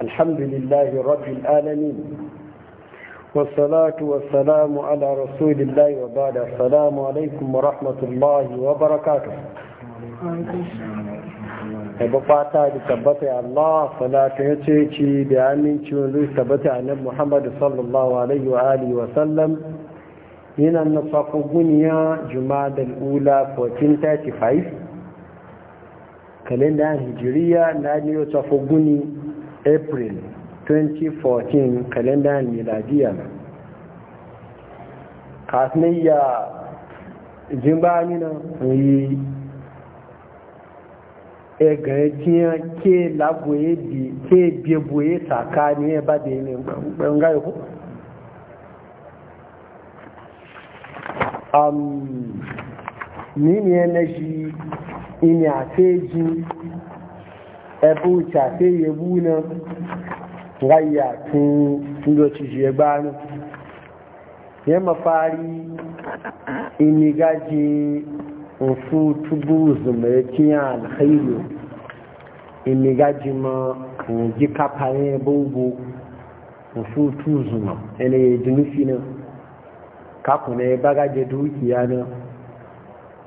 الحمد لله رب العالمين والصلاة والسلام على رسول الله وبعد السلام عليكم ورحمة الله وبركاته الله صلاة محمد صلى الله عليه وآله وسلم هنا النصف بنيا جماد الأولى فوتنتا تفايف كلين الهجرية نعني وتفقني april 2014 kalendar miladiya kasniya jimbanina yi egayen ke lagoye di ke bieboye tsakani ya ba da yi ne ɓangare ku um, ni ne na shi ina feji ẹbú ìtàfẹ́ ìyẹ̀bú náà ráyà tún lọ ṣìṣì ẹgbá náà yẹ́ mọ̀ fárí inigájí òfin túbú zùmẹ̀ kí àlàkàílò inigájí mọ̀ òjí kápá yẹn bóńgbò òfin tú zùmọ̀ ẹni ìdùnnú fi náà kákùnrin bágájẹ dúkìá náà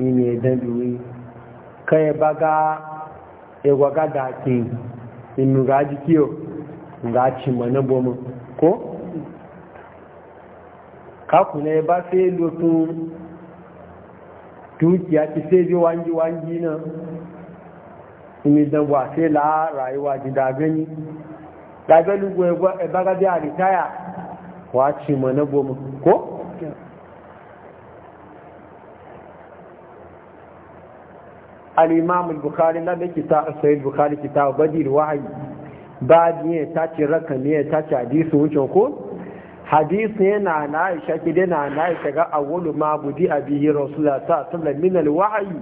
ìní ẹ̀dẹ́ lórí kẹ́ bágájẹ ewa ga da ke inu ga ji kiyo ga ci mana bomu ko kaku ya ba sai lotun dukiya ki sai bi wangi wangi na inu dan wa sai la rayuwa ji da gani da ga lugu e ba ga da ritaya wa ci mana bomu ko al-imam al-bukhari na dake ta sahih bukhari kitab badir wahyi ba ne ta ce rakami ne ta ce hadisi wucin ko hadisi yana na Aisha kide na na Aisha ga awwalu ma budi abihi rasulullah sallallahu alaihi wasallam min al-wahyi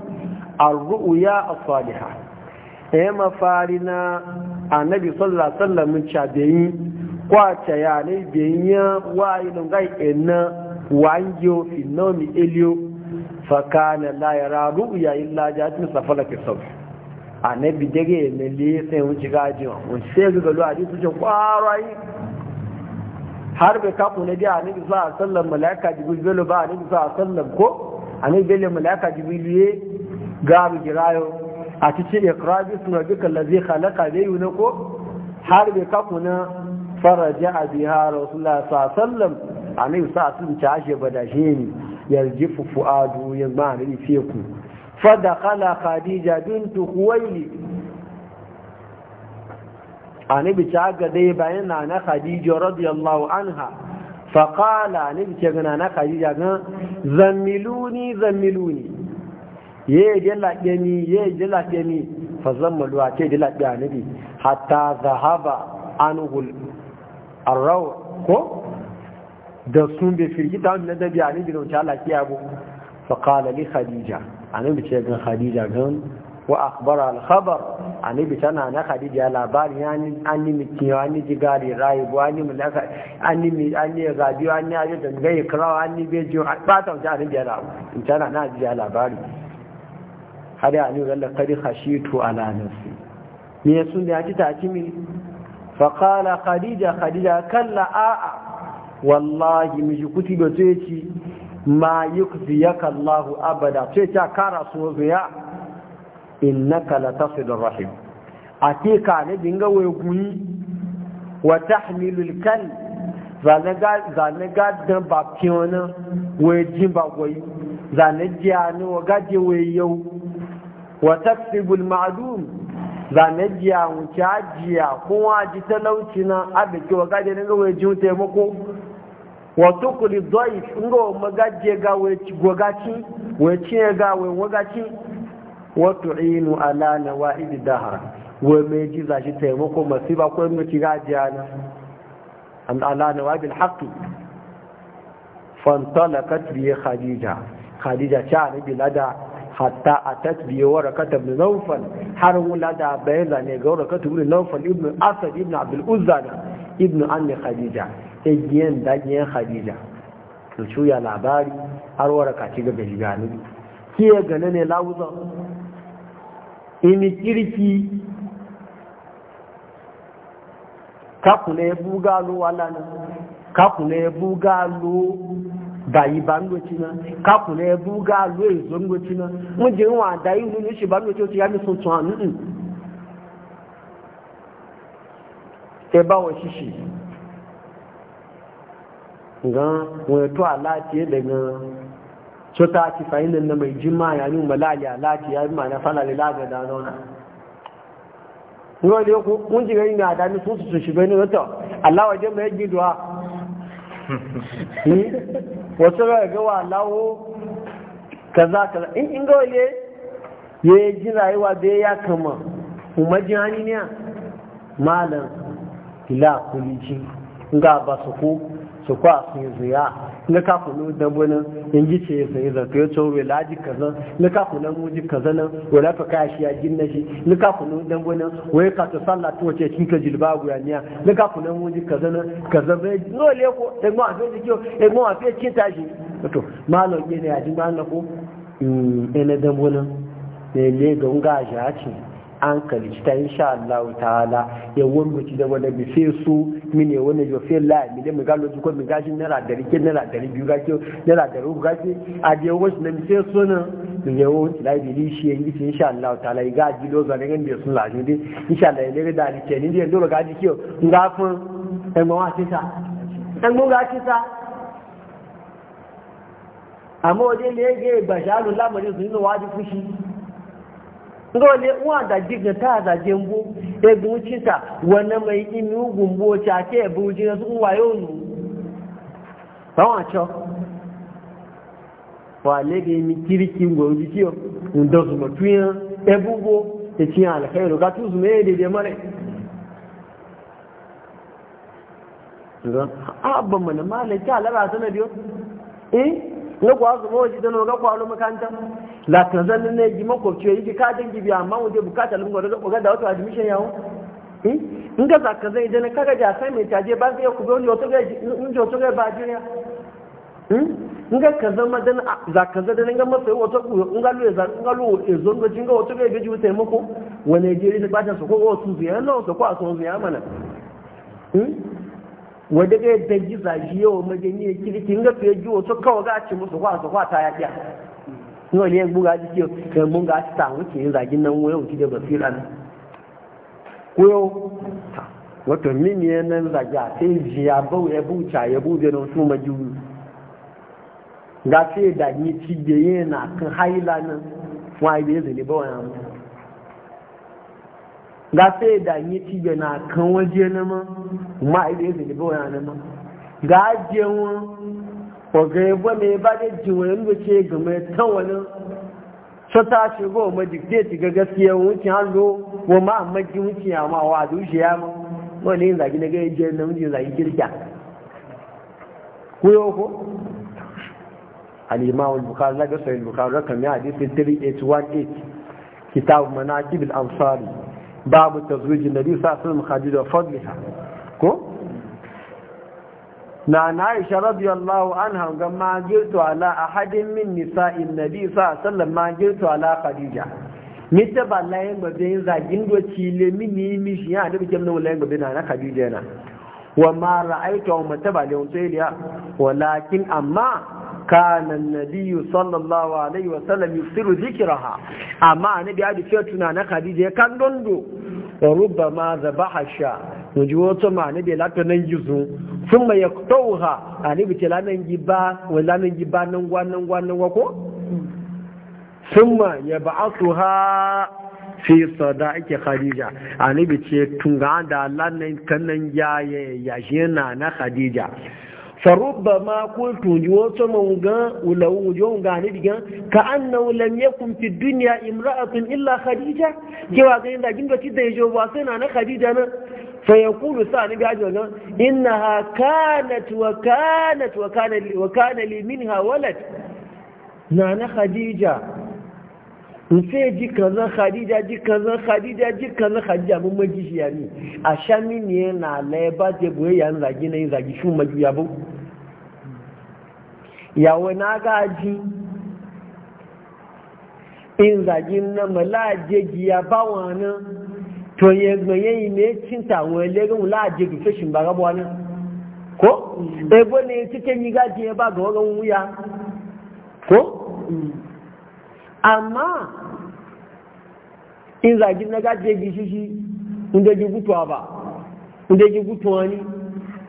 ar-ru'ya as-salihah eh mafarina annabi sallallahu alaihi wasallam chabeyi kwace ya ne biyan yi lungai enna wanjo finomi elio fakana la yara ya illa jatin A sabh bi dage ne le sai ci gaji un sai ga galo hadisi ce kwarai har ka ku ne dia ne bi sa sallan malaika jibril ba ne bi sa sallan ko A ne bele malaika jibril ye garu girayo a cikin suna sunu bika allazi khalaqa dai ne ko har ka ku na faraja biha rasulullahi sallallahu alaihi wasallam annabi sallallahu alaihi wasallam ta ashe shi ne yarjifu fu'adu ya ma'ana fiye ku fada kala khadija bintu huwaili anabi ta ga dai bayan na na khadija radiyallahu anha fa qala annabi ta ga na khadija ga zammiluni zammiluni ye je laɗe ni ye je laɗe ni fa zammalu ake je laɗe annabi hatta zahaba anhu arraw ko da sun bai firgita wani ladabi a nabi da wuce Allah kiya bu fa qala li khadija annabi ce ga khadija gan wa akhbara al khabar annabi tana na khadija labari yani an ni miki wa ni jigari rai bu an ni mulaka an ni an ni rabi an ni aje da ga ikrawa an ni be jo ba ta wuce annabi ya labari tana na ji labari hada ani walla qad khashitu ala nafsi me sun da ji ta kimi fa qala khadija khadija kalla a'a wallahi miji kuti ba ce ci ma yi yukziyaka Allahu abada ce ta kara so zuya innaka latasilur rahim akika ne dinga waye guni wa tahmilul kal zanaga zanaga dan ba kiyona waye jin ba Zane jiya ne wa gaje waye yau wa ma'adun. Zane jiya wuce ajiya kuma ji talauci na abin ki wa gaje ne ga waye jin taimako wato kuli zoi ngo magaje ga we gogaci we ce ga we wagaci wato inu ala idi dahar we me ji za shi taimako masiba ko mu ci gajiya na an ala nawaid alhaq fantalakat bi khadija khadija ta ne bilada hatta atat bi warakat ibn nawfal har wulada bayan ne ga warakat ibn nawfal ibn asad ibn abdul uzza ibn anni khadija egiyan dagiyan khadija to cuya labari har waraka ci gaba jigani ke gane ne lawuza imi kirki kakune buga lo wala na kakune buga lo bayi ba na na kakune buga lo ezo ngoci na mun je wa dai mun ni shi ba ngoci o ti ya mi sun tun an e ba wo shishi gan wato alati daga so ta ci fahimtar na mai jima ya ni nuna a alati ya yi mana falali laga da zauna ruwa da yau kun ji gani na dami sun su shi bai nuna Allah waje mai yi duwa hmm? wasu ga gawa lawo kaza kaza in in gawa ne ya yi ji rayuwa da ya kama kuma jihani ne malam ila kulici ga ba su ko su kwa su yi zuya na kafu nu da bunin in ji ce su yi zato ya tsoro la ji kazan na kafu na muji kazanan wala fa kaya shi ya ginna shi na kafu nu da bunin wai ka ta sallah to wace kin ka jilba guyaniya na kafu e e mm, e na muji kazanan kazan bai dole ko e mu afi ji ko e mu afi kin tashi to malo gene ya ji malo ko in ene da bunin ne le ga unga ja ce an kalista insha Allah ta'ala ya wanda ci da wanda bi sai su min ya ne jo sai la mi da mi galo ko mi gashin nara dari ke nara dari biyu gashi nara dari uku gashi a je wasu na mi sai su na mi ya wanda la bi li shi yi insha Allah ta'ala ga ji do zan ga da sun la ji dai insha Allah ne da ni ce ni da yanzu ga ji kiyo nga fun en mo wa sa, en mo ga sa. amma waje ne ya ga basharu lamarin su yi wajibi fushi dole ga da diga ta da jembo e bucinta wani mai imi ugun bocha ke e bucin su wayo nu tawon cho wa lege mi kiriki ngo biki ndo matuya e bugo e ga tuzu me de de mare abban mana malaka alara sanadiyo eh na kwa ga kwalo la kan zan ne ji makwabci ma ka dangi amma mu bukata lungo da ko ga da wato admission yawo in ga zaka zai idan kaga ji sai mai taje ba zai ku gani wato ga in ji wato ga ba jiriya in ga ka zama dan zaka zai dan ga masa wato ku in ga luye zan ga luye e zon ga jinga wato ga biji wutai muku wa Najeriya da bata su ko wasu ziyara ko a son ziyara mana yadda yawa ya kirki in ga fiye ji wato kawai ga a ce musu kwa kwa ta yaƙiya yau ne buga ji ke mun ga ta wuce yin zagin nan wayo wuce da basira ne koyo wato min ne nan a sai jiya bau ya buca ya buje nan su majiyu ga sai da ni ci da na kan haila nan wai bai zane ba wannan ga sai da ni ci da na kan waje na ma ma bai zane ba wannan ma ga jewon ọ̀gá ẹgbọ́ ni bá dé jìnwò ẹ̀ ń lò ṣe gẹ̀mọ̀ ẹ̀tàn wọn náà sọ́tà ṣùgbọ́n ọmọ dìgbẹ́tì gẹ́gẹ́ sí ẹ̀ wọ́n ti á lò wọ́n máa mẹ́jì wọ́n ti àwọn àwọn àdúṣe á mọ́ wọ́n ní ìlàjì nẹ́gẹ́ jẹ́ náà ní ìlàjì kìrìkà kúrò kó alìmá olùbùkárì lágbẹ́sọ̀ olùbùkárì rọ́kànmí àdísí 3818 kìtàbù mọ́nà akíbil ansari báàbù tazwiji sa sáà sọ́nà mùkàdìdọ̀ fọ́dìlì ha ko. نعم عائشة رضي الله عنها وما جلت على أحد من نساء النبي صلى الله عليه وسلم ما جلت على خديجة متبع لهم بين زين وشيل مني مشي أنا بجمن ولهم بين أنا خديجة أنا وما رأيت أو متبع لهم سيليا ولكن أما كان النبي صلى الله عليه وسلم يصير ذكرها أما أنا بعد شيء تنا أنا خديجة كان دندو وربما ذبح الشاه nuji wato ma ne bela to nan gizu sun mai ya tauha a ne bice lanan giba wa lanan giba nan gwa nan gwa nan gwa ko sun ma ya su ha fi sada ake khadija a ne bice tunga da lanan kanan ya ya shi na na khadija farubba ma kultu ji wato mawuga wulawu yawon gani digan ka annahu lam yakun fi dunya imra'atun illa khadija kewa ga yin ci da ya yajo ba sai na na khadija na فيقول سعد بن عجل إنها كانت وكانت وكان وكان لي منها ولد نانا خديجة nse ji kaza khadija ji kaza khadija ji kaza khadija mun maji shi yani a shami ne na laiba je boye yan zagi ne zagi shi maju yabo yawo na gaji in zagi na malaje giya ba wani to ya yi ne cinta wani legan wula a jirgin fashin ba rabuwa nan ko? Mm. ebo ne cikin yi gaji ya ba ga wagan wuya ko? Mm. amma in zagin na gaji ya gishi shi inda ji gutuwa ba inda ji gutuwa ni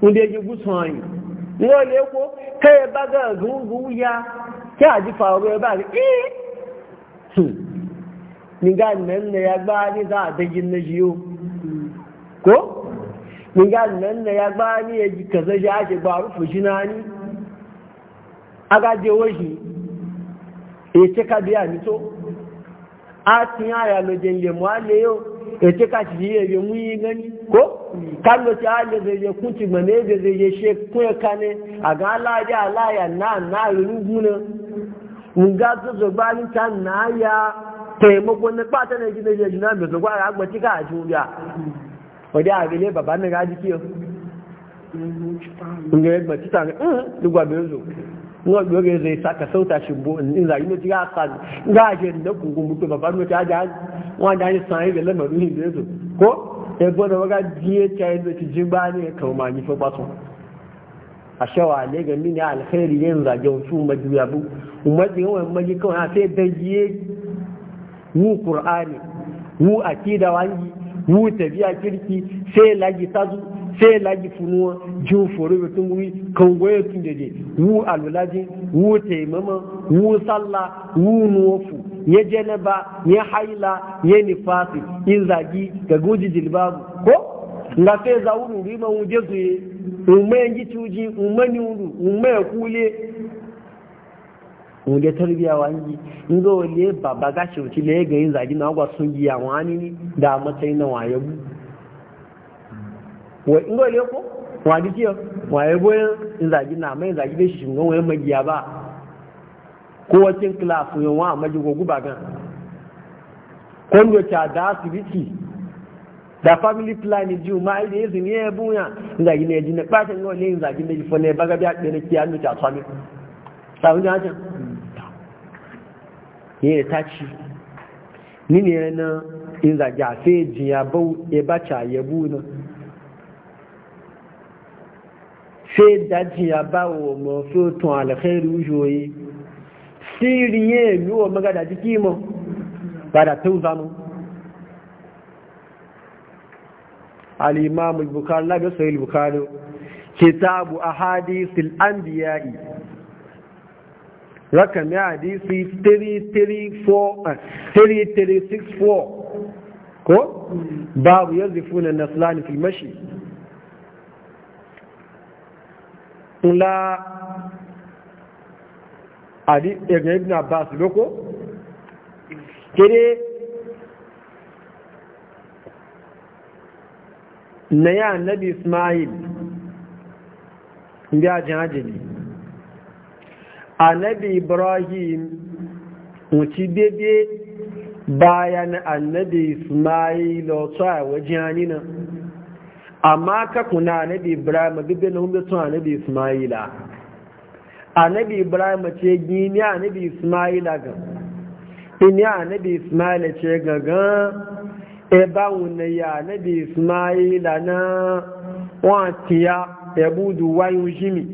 inda ji gutuwa ni yau ne ko kai ba ga gungun wuya ta ji faru ya ba ga eh hmm. ninga nan ne ya gba ni za a dagin na jiyo ko ninga nan ne ya gba ni ya ji kaza shi ake ba rufu shi na ni aga je woshi e ce ka biya ni to a tin aya lo je le mo le yo e ce ka ji ye ye mu yi gani ko kan lo a le ze je kunti ne ze ze je she ko e kane aga la ja la ya na na lu guna nga zo zo ba ni tan na ya taimakon na ba ta na gina jiya jina mai zagwa a agbaci ka a juriya wadda a gane baba na gaji kiyo nga ya gbaci ta ne mm, gwa bai zo nga bai ga zai saka sauta shi bo in zai ne ji ka nga a da kungun mutu baba no ta ja wa da ni sai da lamaru zo ko ya bo waga diye ta yi da ba ne kawo ma ni ba a shawa ne ga mini alkhairi yin zage su majuya bu yawan maji kawai sai da yi wu qur'ani wu akida wangi wu tabiya kirki sai lagi tazu sai lagi funuwa jin foro bi tun wi kan tun wu alulaji wu taimama wu sallah wu nufu ya janaba ya haila ya nifasi in zagi ga goji jilbabu ko nga sai za uru rima wuje zuye umma yangi cuji umma ni uru umma ya kule wunde tarbiya wangi in zo wale babba gashi wuce da ya gani zagi na agwa sun giya wani ne da matsayi na waye bu wa wale ko wani kiyo zagi na mai zagi da shi shingon wayan magiya ba ko wacin class yan wa maji gogu ba gan kondo cha da asibiti da family plan ji ma ai da ya buya na, ji na zagi ji fa baga biya da ne kiyan ta sami ne da taci ni ne na in zage a sai jiya bau ya bacha ya buna sai daji ya ba wa mafi tun alkhairu joye siri ya yi wa magada jiki mu ba da tauza mu al-imam al Alimami la bi sahih al-bukhari ahadi ahadith al-anbiya'i rakami hadisi 3364 uh, ko babu yazifuna naslani fil mashi la adi ibn ibn abbas loko kere na ya annabi ismail ndi ajin ajali annabi ibrahim wuci bebe bayan annabi ismail otu a wajen hannuna amma ka kuna annabi ibrahim bebe na hunbe tun annabi a annabi ibrahim ce gini annabi a ga ini annabi ismail ce gaga eba wune ya isma'il ismaila na wọn tiya ebudu wáyé ojími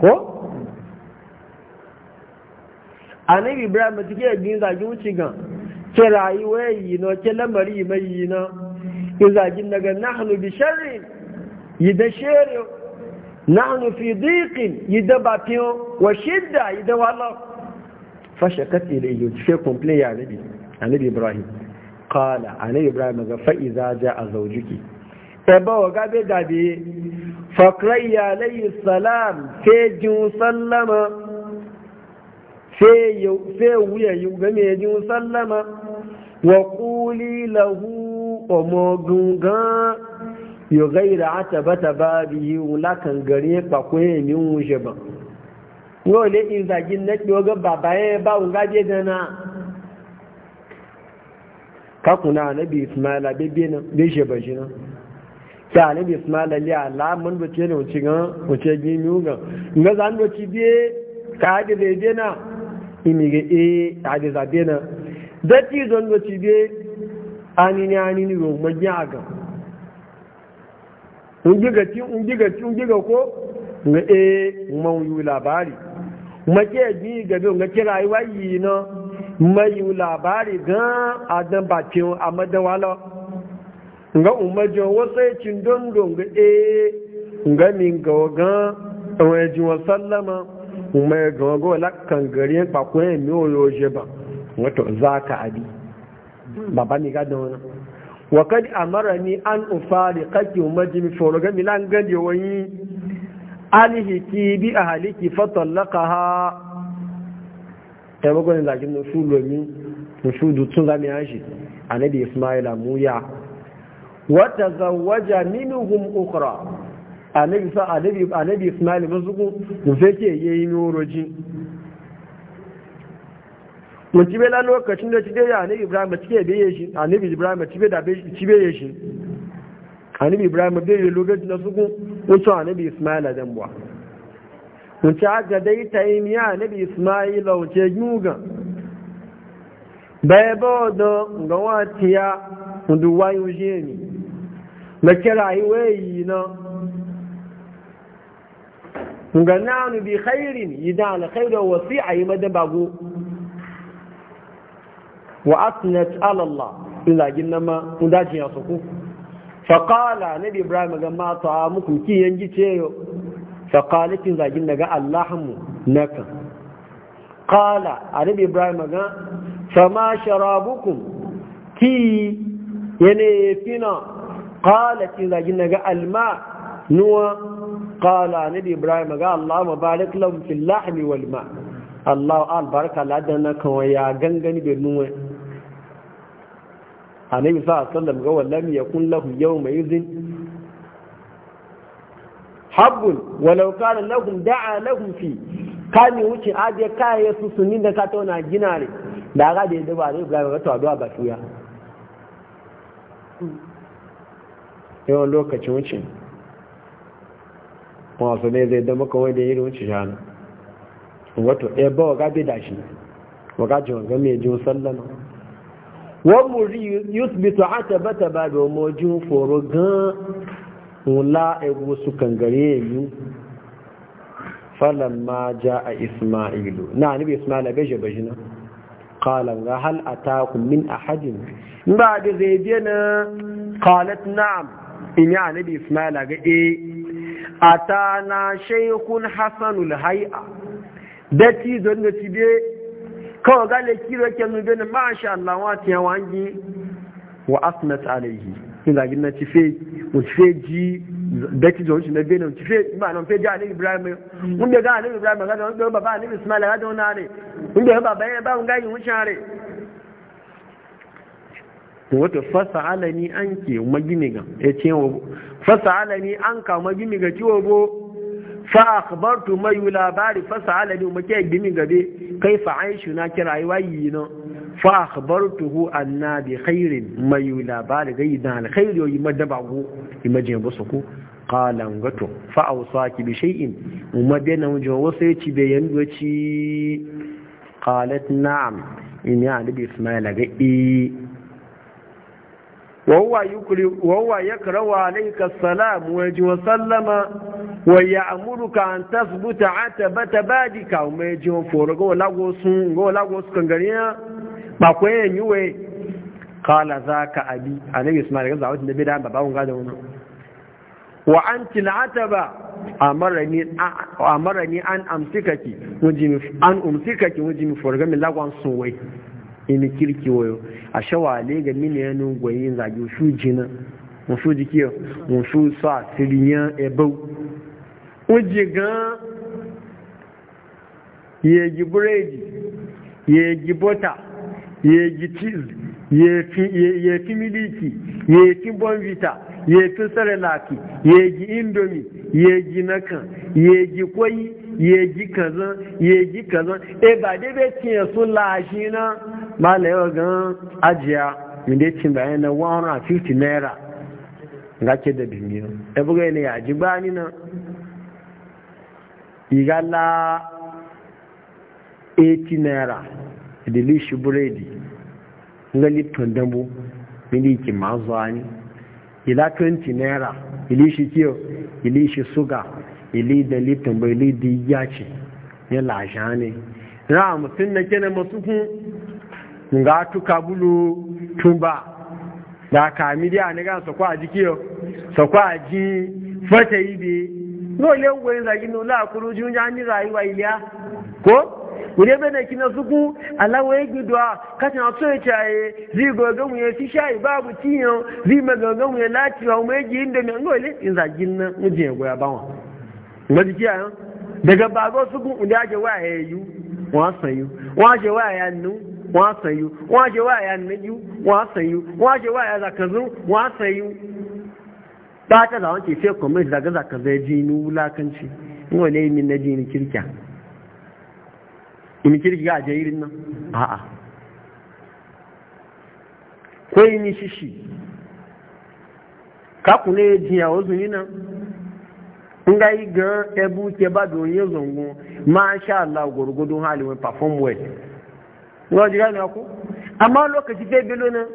ko? annabi ibrahim tike din zagin wuce gan ke rayuwa yi na ke lamari mai yi na in zagin daga nahnu bi sharri yi da shere nahnu fi diqin yi da bafiyo wa shidda yi da wala fa da ilayhi she complain ya nabi annabi ibrahim kala, annabi ibrahim ga fa iza jaa zawjuki eba wa gabe gabe fakrai alayhi salam ke jin sallama sai wuya yi game jin sallama wa kuli lahu omogun gan yóò gaira atabata ba bi yi wulakan gare kpakwe ni wuce ba yóò lè ìzàgin na ɗoga bàbá yẹn e ba wùn gaje dana kakuna anabi ismaila bebe na bi ṣe ba shi na ki anabi ismaila lè alamun da ce ne wuce gan wuce gini yugan nga zan doci biye ka haɗe zai na? imige e ade zabe na dati don do ti be ani ni ro majiya aga unji ga ti unji ga ti unji ga ko nga e mun yu labari Ma ke ji gabe nga kira yi wayi na Ma yu labari ga adan bakin amadan wala nga umajo sai cin don don ga e nga min ga ga wa ji wa sallama mai gawago lakkan gari yan kwakwai yan miyo yoje ba wato za ka abi baba mi gadon wani wakadi mara ni an ufari kaki umarji mi foroga milan gadi wani alihiki bi a haliki fatallaka ha ya bugu ne zagin nusu lomi nusu dutsun zami yashi annabi ismaila muya wata zawaja minhum ukra annabi sa annabi annabi ismail ku, mu fake yayi noroji mun tibe la lokacin da tibe ya annabi ibrahim tibe be yayi shi annabi ibrahim tibe da be tibe yayi shi annabi ibrahim be yayi lokacin da su ku, mun to annabi ismail da mu mun ta ga dai ta yi miya annabi ismail wa ce yuga bai ba da ga watiya ndu wayu ni. na kira yi wayi na ga nanu bi khairin idan alkhairu wasi'a yi madabago wa asnat ala Allah ila ginna ma kun dajin ya suku fa qala nabi ibrahim ga ma ta muku ki yangi ce yo fa qala kin zagin daga Allahmu naka qala nabi ibrahim ga fa ma sharabukum ki yana fina qala kin zagin daga alma nuwa qala nabi ibrahim ga allah mubarak lahum fil lahmi wal ma allah albaraka ladana kan ya gangani da nuwa annabi sallallahu alaihi wasallam ga wallam yakun lahu yawma idhin habbun walau kana lahum da'a lahum fi kani wuce aje kaya su sunin da ka tauna ginare da ga da yadda ba zai ga wato addu'a ba tuya yawan lokacin wuce masu ne zai dama kawai da yin wuce shanu wato ebe eh, waga bi da shi Wa waga ji wanga mai jin sallan wọn mu ri yusbitu a tabbata ba da omojin foro gan wula egwu su kan gare yi falon ma ja a ismailu na ni bai ismailu bai shi bai kalan ga hal a min a hajjin ba da zai biya na kalat na'am in yi a nabi ismaila ga eh na shaykhun Hassanul hay'a dati don da tibe kawai ga kiro ke mu bene masha Allah wa tiya wangi wa asnat kin ga ginna fe mu fe ji don shi na bene ci fe ma nan fe ji ali ibrahim mun da ga ali ibrahim ga don baba ali ismail ga don na ne mun da baba ya ba mun ga yin wucare wato fasa alani anke magini ga ce fasalani an kama gimi ga ciwo bo fa akhbartu mai labari fasalani muke gimi gabe kai fa aishu na ki rayuwa yi no fa akhbartuhu anna bi khairin mai labari ga yi dan alkhairi yoyi madaba go imaje bo suku qala ngato fa awsaki bi shay'in umma na wujo wasu ci be yanzu ci qalat na'am in ya nabi ismaila ga وهو يقرأ عليك السلام وسلم ويأمرك أن تثبت عتبة بادك وما يجي فورك ولا غوصن ولا غوس كنغريا باكوين يوي قال ذاك أبي أنا يسمع لك زعوت النبي دعم بابا وأنت العتبة أمرني أمرني أن أمسكك وجي أن أمسكك وجي فورك من لا غوصن وي ina kirki wayo a shawale ga mini yanin gwayin zage shu jina mun shu jiki mun shu sa tiriyan ebau uje ga yeji buredi yeji bota yeji cheese yefi miliki yefi bonvita yefi sarelaki yeji indomi ya yeji nakan ya yeji kwayi yeji kazan yeji kazan e ba dai bai tiye sun lashi na malayewa gan ajiya inda cin bayan na fiti naira ga ke da bimiyo ya e buga ne ya ji bani nan igala 80 naira delishi buredi nga lipton dambu mini ki mazu ani ila 20 naira ilishi kiyo ilishi suga ili da lipton bai ili di yace ya lashe ne ra mutum na kenan masu kun nga tuka bulu tumba da kami dia ne ga sokwa ajikiyo sokwa aji fata ibe no le ngwe za gino la kuru junya ni rayuwa iliya ko wuri bane kina suku alawa ya gudwa kashin aso ya caye zai gogon ya fi shayi babu tiyo zai magogon ya lati wa mai ji inda mai ngole in zagin nan mujin ya goya bawa ngaji kiyaye daga bago suku inda ake waya ya yi wọn san yi wọn ake waya ya nu wọ́n sàyú wọ́n jẹ́ wà yà nìyú wọ́n sàyú wọ́n jẹ́ wà yà zakazu wọ́n sàyú ba ta ji ni wulakanci in wane yi min na ji ni kirkiya in kirki ga jayirin nan a'a yi shishi kaku yi ebu ke zongo wọ́n jẹ́ gane ku? Amma lokaci dai bilo nan,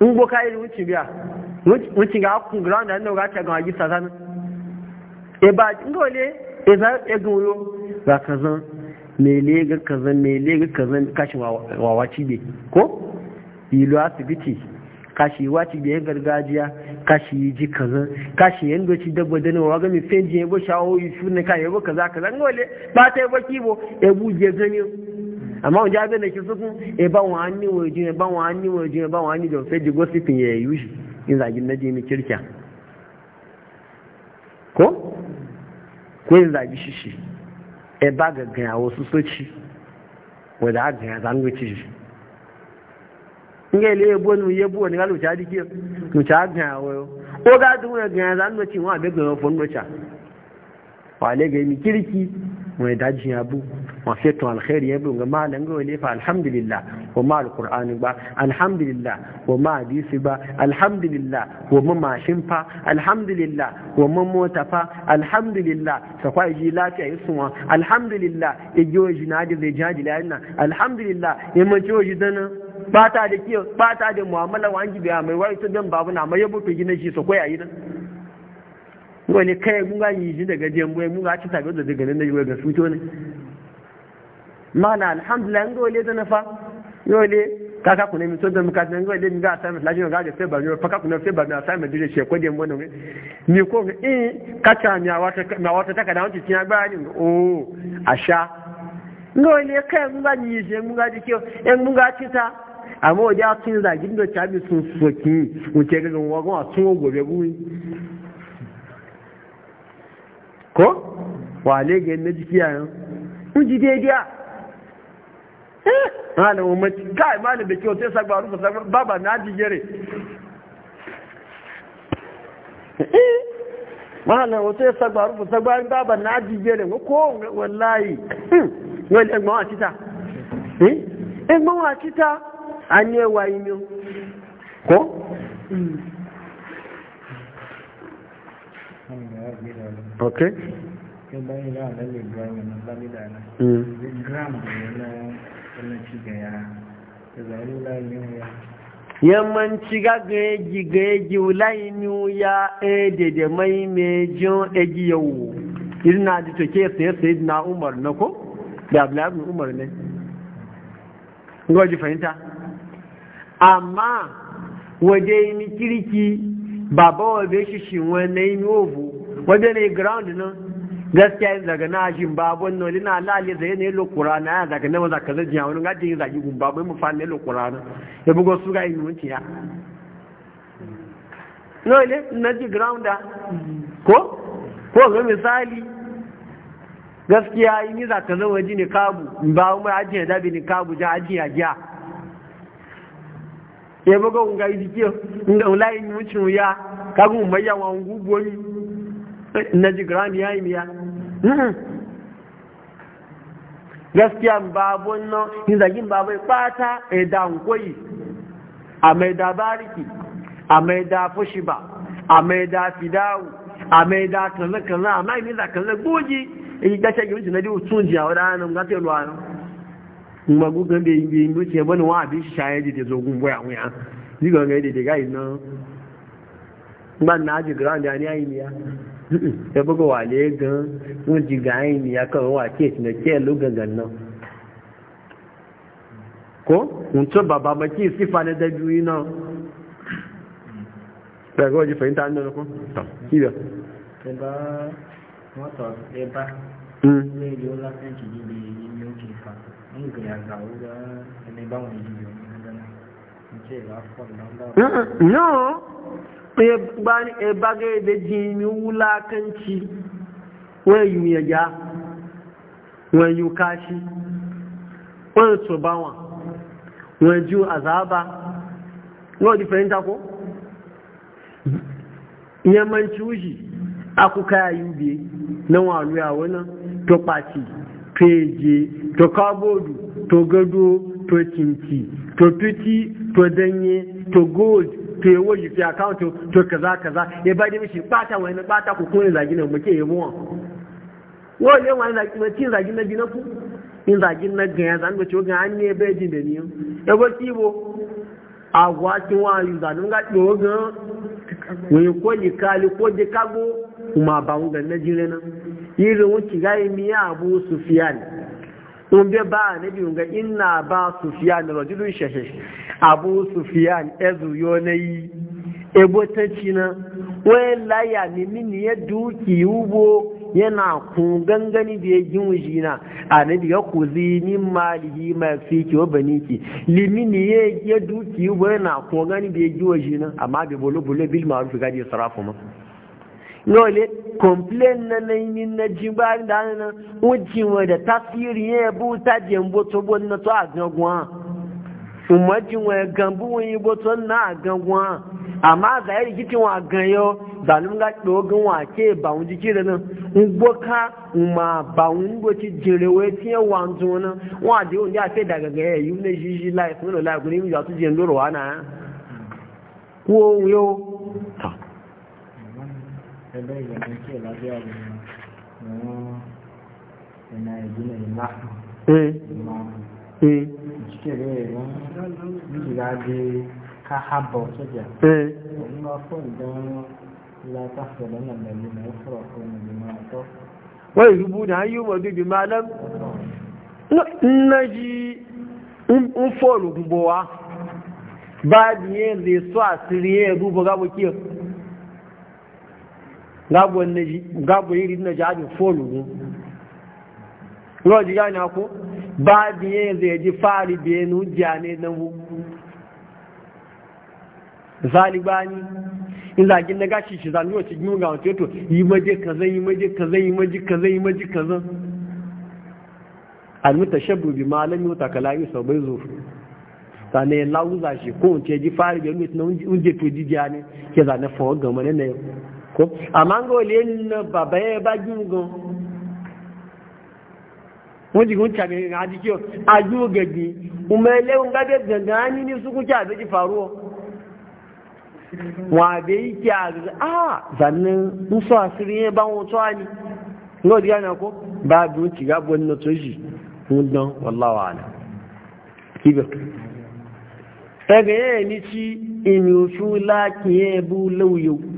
in bo ka iri wuce biya, wuce a akun ga ta gawa gisa zanen. E àjí in ga wale, e za e Ra za ka zan, kazan, mẹ́lẹ́ ga kazan kashin ko? ìlú asibiti, kashi wati biyan gargajiya kashi ji kaza kashi yan doci dabba da nawa ga mi fenji yi su sunna kai yabo kaza kaza ngole ba ta bo ya e je gani amma on jabe ne ki kun e ba wa anni ji e ba wa anni ji e ba wa anni don fenji gossipin ya yushi in zagin na je mi kirkiya ko ko in zagi shishi e ba gaggawa wasu soci wanda aka ga zango shi nga ile ebo nu ye bo ni ga lo cha di ki nu cha gan wo o ga du na gan za nu e chi wa be gan fo nu e cha wa le ge mi kiriki mo e da daji abu wa fi to al khair ye bu ga ma lan ga wale fa alhamdulillah wa ma al qur'an ba alhamdulillah wa ma hadisi ba alhamdulillah wa ma mashin fa alhamdulillah wa ma mota fa alhamdulillah sa kwa ji lafiya yi sunwa alhamdulillah e ji na ji zai jaji la yana alhamdulillah ya jo ji dana bata da kiyo bata da mu'amala wa anji biya mai wai to dan babu na mai yabo to gina shi so koya yi nan wani kai mun ga yi shi daga jiyan boye mun ga ci tabe da daga nan ne ga suto ne mana alhamdulillah ngole da nafa kaka kuna mi to da muka dan ga ga faka kuna dire ko ne ko eh na wata taka da wanti tinya ba ni o asha kai mun ga je mun ga dikio en eh, mun ga amma waje a sun zagin da cabi sun soki wuce gagan wagon a sun gobe buwi ko wale ga na jiki yayin kun ji daidai eh, malamin mace kai malamin da kyau sai sagba rufe sagba baba na jigere eh, malam wasu ya sagba rufe sagba baba na jigere ko wallahi hmm, wani ɗan mawa Eh ɗan mawa cita an yi wayi min ko? ok mm. yammanci ga gaji gaji lainu ya e dede mai mejin egi yau irina da toke sai sai na umar na ko da abu umar ne ga fahimta amma waje yi ni kirki baba wa bai shi shi wani yi ovu waje ne ground nan gaskiya yin zaga na ajin babon nan na lalye zai ne lokura na ya zaga na mazaka zai jiya wani gaji yin zagi gun babon mu fa ne lokura na ya bugo su ga yin wuce ya no na ji grounder ko ko ga misali gaskiya yi ni zaka waje ne kabu ba mu ajin ya dabi ni kabu ja ajin ya ja ya baga unga idike inda ulai ni mucin ya kagu maya wa ngubo ni na ji grand ya yi miya gaskiya babon nan in zagin babai bata e eh, da nkoyi a mai da bariki a mai da fushiba a mai da fidawu a mai da kaza kaza amma ni za kaza goji in ga shagi mutum na biyu sun jiya wadannan wani hannun gafe ruwa magugan da yin yin wuce bani wa abin shi shaye da zogun boya wuya ni ga ngai da ina ban na ji grand da ni ayi niya ya buga wale ga mun ji ga ayi niya ka wa ke na ke gangan ko mun to baba maki sifa na da biyu ina da ga ji fahimta an da ko to kiga ba mota eba mm ne yola kan ki ne no ebage da ci, wulakanci wayu ya ja wayu kashi wani tsobawa wani ju azaba wani fahimta ko? yamanci wuji aku kaya yi biye na waluya wani to kwaci to to kabodu to gado to kinki to tuti to danye to gold to yawo yi fi to kaza kaza ya ba da mishi bata wani bata ku kuma zagi na muke yabo wa wo le wani zagi na tin na gina ku in na zan ne bai jin da ya ba a wa ga ko likali ko kuma ba na yiri wuce gayi miya abu sufiyan un bi ba ne bi nga ina ba sufiyan da rajulun shehe abu sufiyan ezu yonayi ebo ta cina wani laya ni min ya duki ubo yana kun gangani da ya gin wujina a na biya ku zini malihi mai fi ki bani ki limini ya duki ubo yana kun gangani da ya gin wujina amma bi bolo bolo bil ma'ruf gadi sarafu ma lole complain na na yi na ji ba da na wujin e da tafiri ya bu ta je mboto bọ na to agagwa umajin wa gambu wa yi boto na agagwa amma ga yi kitin wa ganyo zalum ga dogon wa ke ba un jiki da ma ba jire we ti wa nzo na wa de na ẹgbẹ́ ìgbẹ̀mọ̀ tí ò lábẹ́ àwọn ẹ̀nà ìgbìmọ̀ ìlà wọ́n ìrúbú náà yóò mọ̀ bíbi máa lẹ́m nnaji ń fọ́ọ̀lù gbogbo wa báyìí lè sọ àṣírí ẹ̀rú bọ́gábọ́ kí ọ gabo yi rinna ji ajin folugun roji gani ko, ba biye zai ji fari biye nu jane na wu zalibani in za zagin na gashi shi zanu wace gini ga wace yi maje kaza yi maje kaza yi maje kaza yi maje kaza almuta shabu bi malami wata kalayi sau bai zo zane lauza shi ko in ce ji fari biye nu je to ji jane ke zane fawa gama na yau ko amma ga na baba ya ba gingon wọ́n jìgún tàbí àdíkíọ̀ ajú gẹ̀gì ọmọ ẹlẹ́wọ̀n gágẹ́ gẹ̀gẹ̀ ní ní sókúnjẹ́ àbẹ́jì faruwa wọ́n àbẹ́ ìkẹ́ ki a zanni ń sọ àṣírí yẹn bá wọn tọ́ àní lọ́ọ̀ díẹ̀ náà kó bá bí ó ti gábọ̀ nínú tó yìí ń dán wọláwà àná kíbẹ̀ ẹgbẹ̀ yẹn ní tí ìmì òfin láàkì yẹn bú lẹ́wùyẹ̀wù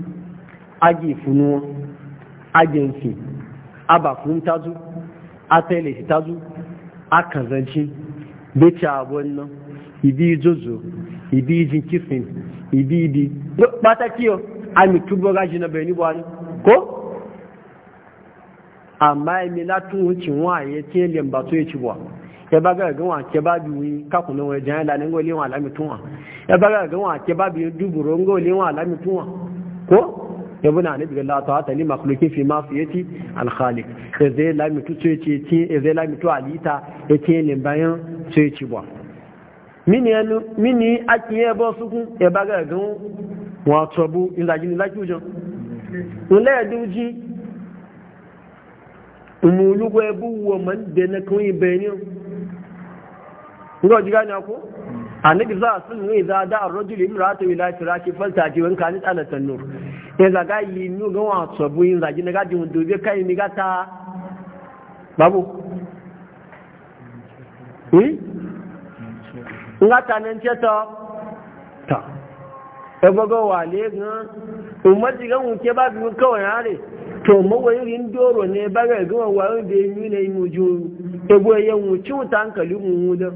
agi funuwa agensi abakun tazu atele tazu akazanci bece abun nan ibi zozo ibi jin kifin ibi ibi pataki yau a mitubo gaji na benin buhari ko amma emi latun wucin waye tele ba to ya ci buwa ya ba ga ga wa ke ba biyu kakunan wajen yana ne ngole wa alamitunwa ya ba ga ga wa ke ba biyu duburo ngole wa alamitunwa ko yabu na anabi galla ta ta ni makulukin fi masiyati al khaliq zai la mitu ce ce ce zai la alita yake ne bayan ce ce ba mini anu yi akiye bo suku e ba ga gan wa tobu ila jini laki kujo nle duji umulu gwe bu wo man de na kun ibeni ngo jiga ni ako annabi za sun ne za da ar-rajul imra'atu ila firaki faltaji wan kanit ala tanur ya zaga yi nu ga wa sabu yin zagi na gadi wando be kai ni gata babu eh hmm? ngata nan ce ta ta e bago wale ga umma diga mu ke ba bi kawai hare to mawayin doro ne ba ga ga wa da yi ne mu ju ebo yan mu ciuta hankali mu da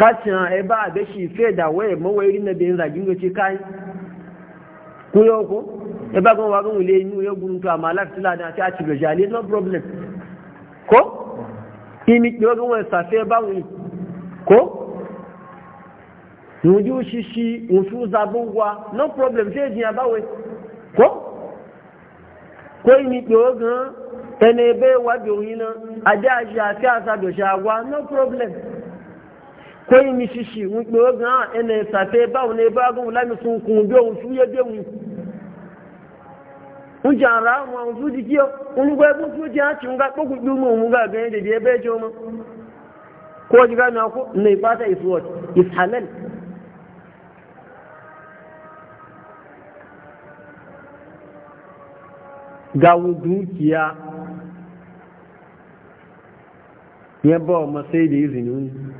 kacin ya ba a ga shi fe da waye mawayari na bayan zagin gaci kayi ku yau ko ya e ba gama wagon wule yi ya gurun to amma lafi tila ta ci gajali no problem ko imi ba ko nuju shi shi nufu zabungwa no problem jiya ba wai ko ko imi ki wagon ẹni ebe wa na no problem koi mi shishi un do ga ene sa te ba un e ba gun la mi sun kun bi un suye bi un un ra mo un su di kio un gwe bu su jan chi ga mu ga gan de de be jo mo ko ji ga na ko ba ta is what is halal ga dukiya ya masai da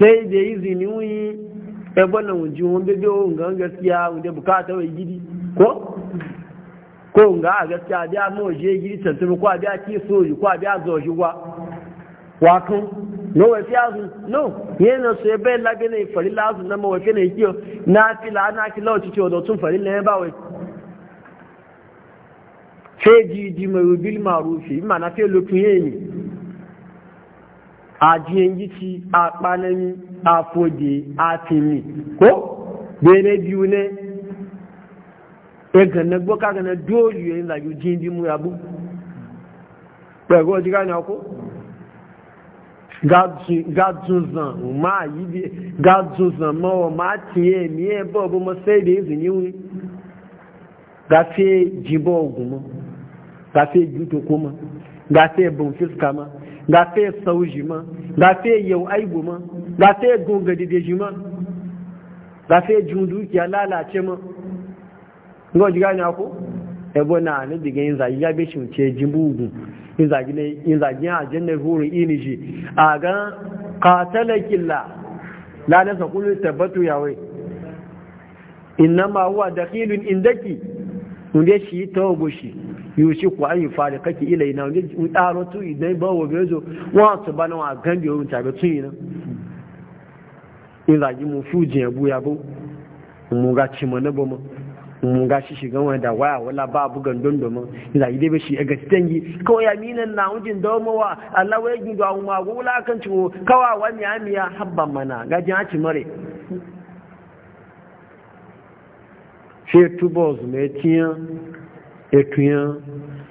sai da izini wuyi ya bana wujin wanda bai wun ga gaskiya wanda bukata wai gidi ko ko nga a gaskiya biya mawa gidi tantumi ko a biya ki soji ko biya zoji wa wakun no wai fi azu no na so ebe na ifari lazu na mawa fi ne kiyo na fi na ki lauci ce fari na ba ji ji mai rubil marufi ma na fi lokun yayi ajiyangici a kpanami a fode a fimi ko bene biyu ne e ganna gboka ganna dole yoyin lagi jindi mu yabu pẹ̀lú ọjí gáà ní ọkọ́ gadzuzan ma yi bi gadzuzan ma wọ ma tiye mi ẹ e bọ́ bọ́ mọ́ sẹ́ẹ̀dẹ̀ ìzù ní wí gafẹ́ jibọ́ ogun mọ́ gafẹ́ ju toko mọ́ gafẹ́ bọ̀n fiska mọ́ ga fe sauji ma ga fe yau aibu ma ga fe gonga ji ma ga fe jun dukiya lalace ma ngo jiga ni ako ebo na ni diga yin zagi ya be shi ce jimbugu yin zagi ne yin zagi a jannar huru iniji a ga katala la la sa kullu yawai inna ma huwa dakhilun indaki mun shi tawo shi yushi ku an yi fari kake ilai wani ba wa bezo wọn su bana wa gambe wani tabi tun yi nan in mu fuji buya mu ga cima na bama mu ga shi shiga da waya wala ba bugan shi a gaskiyan yi kawai ya minan na wujin domowa allah a umar kan kawa miya miya habban mana a haci mare tubos etuyen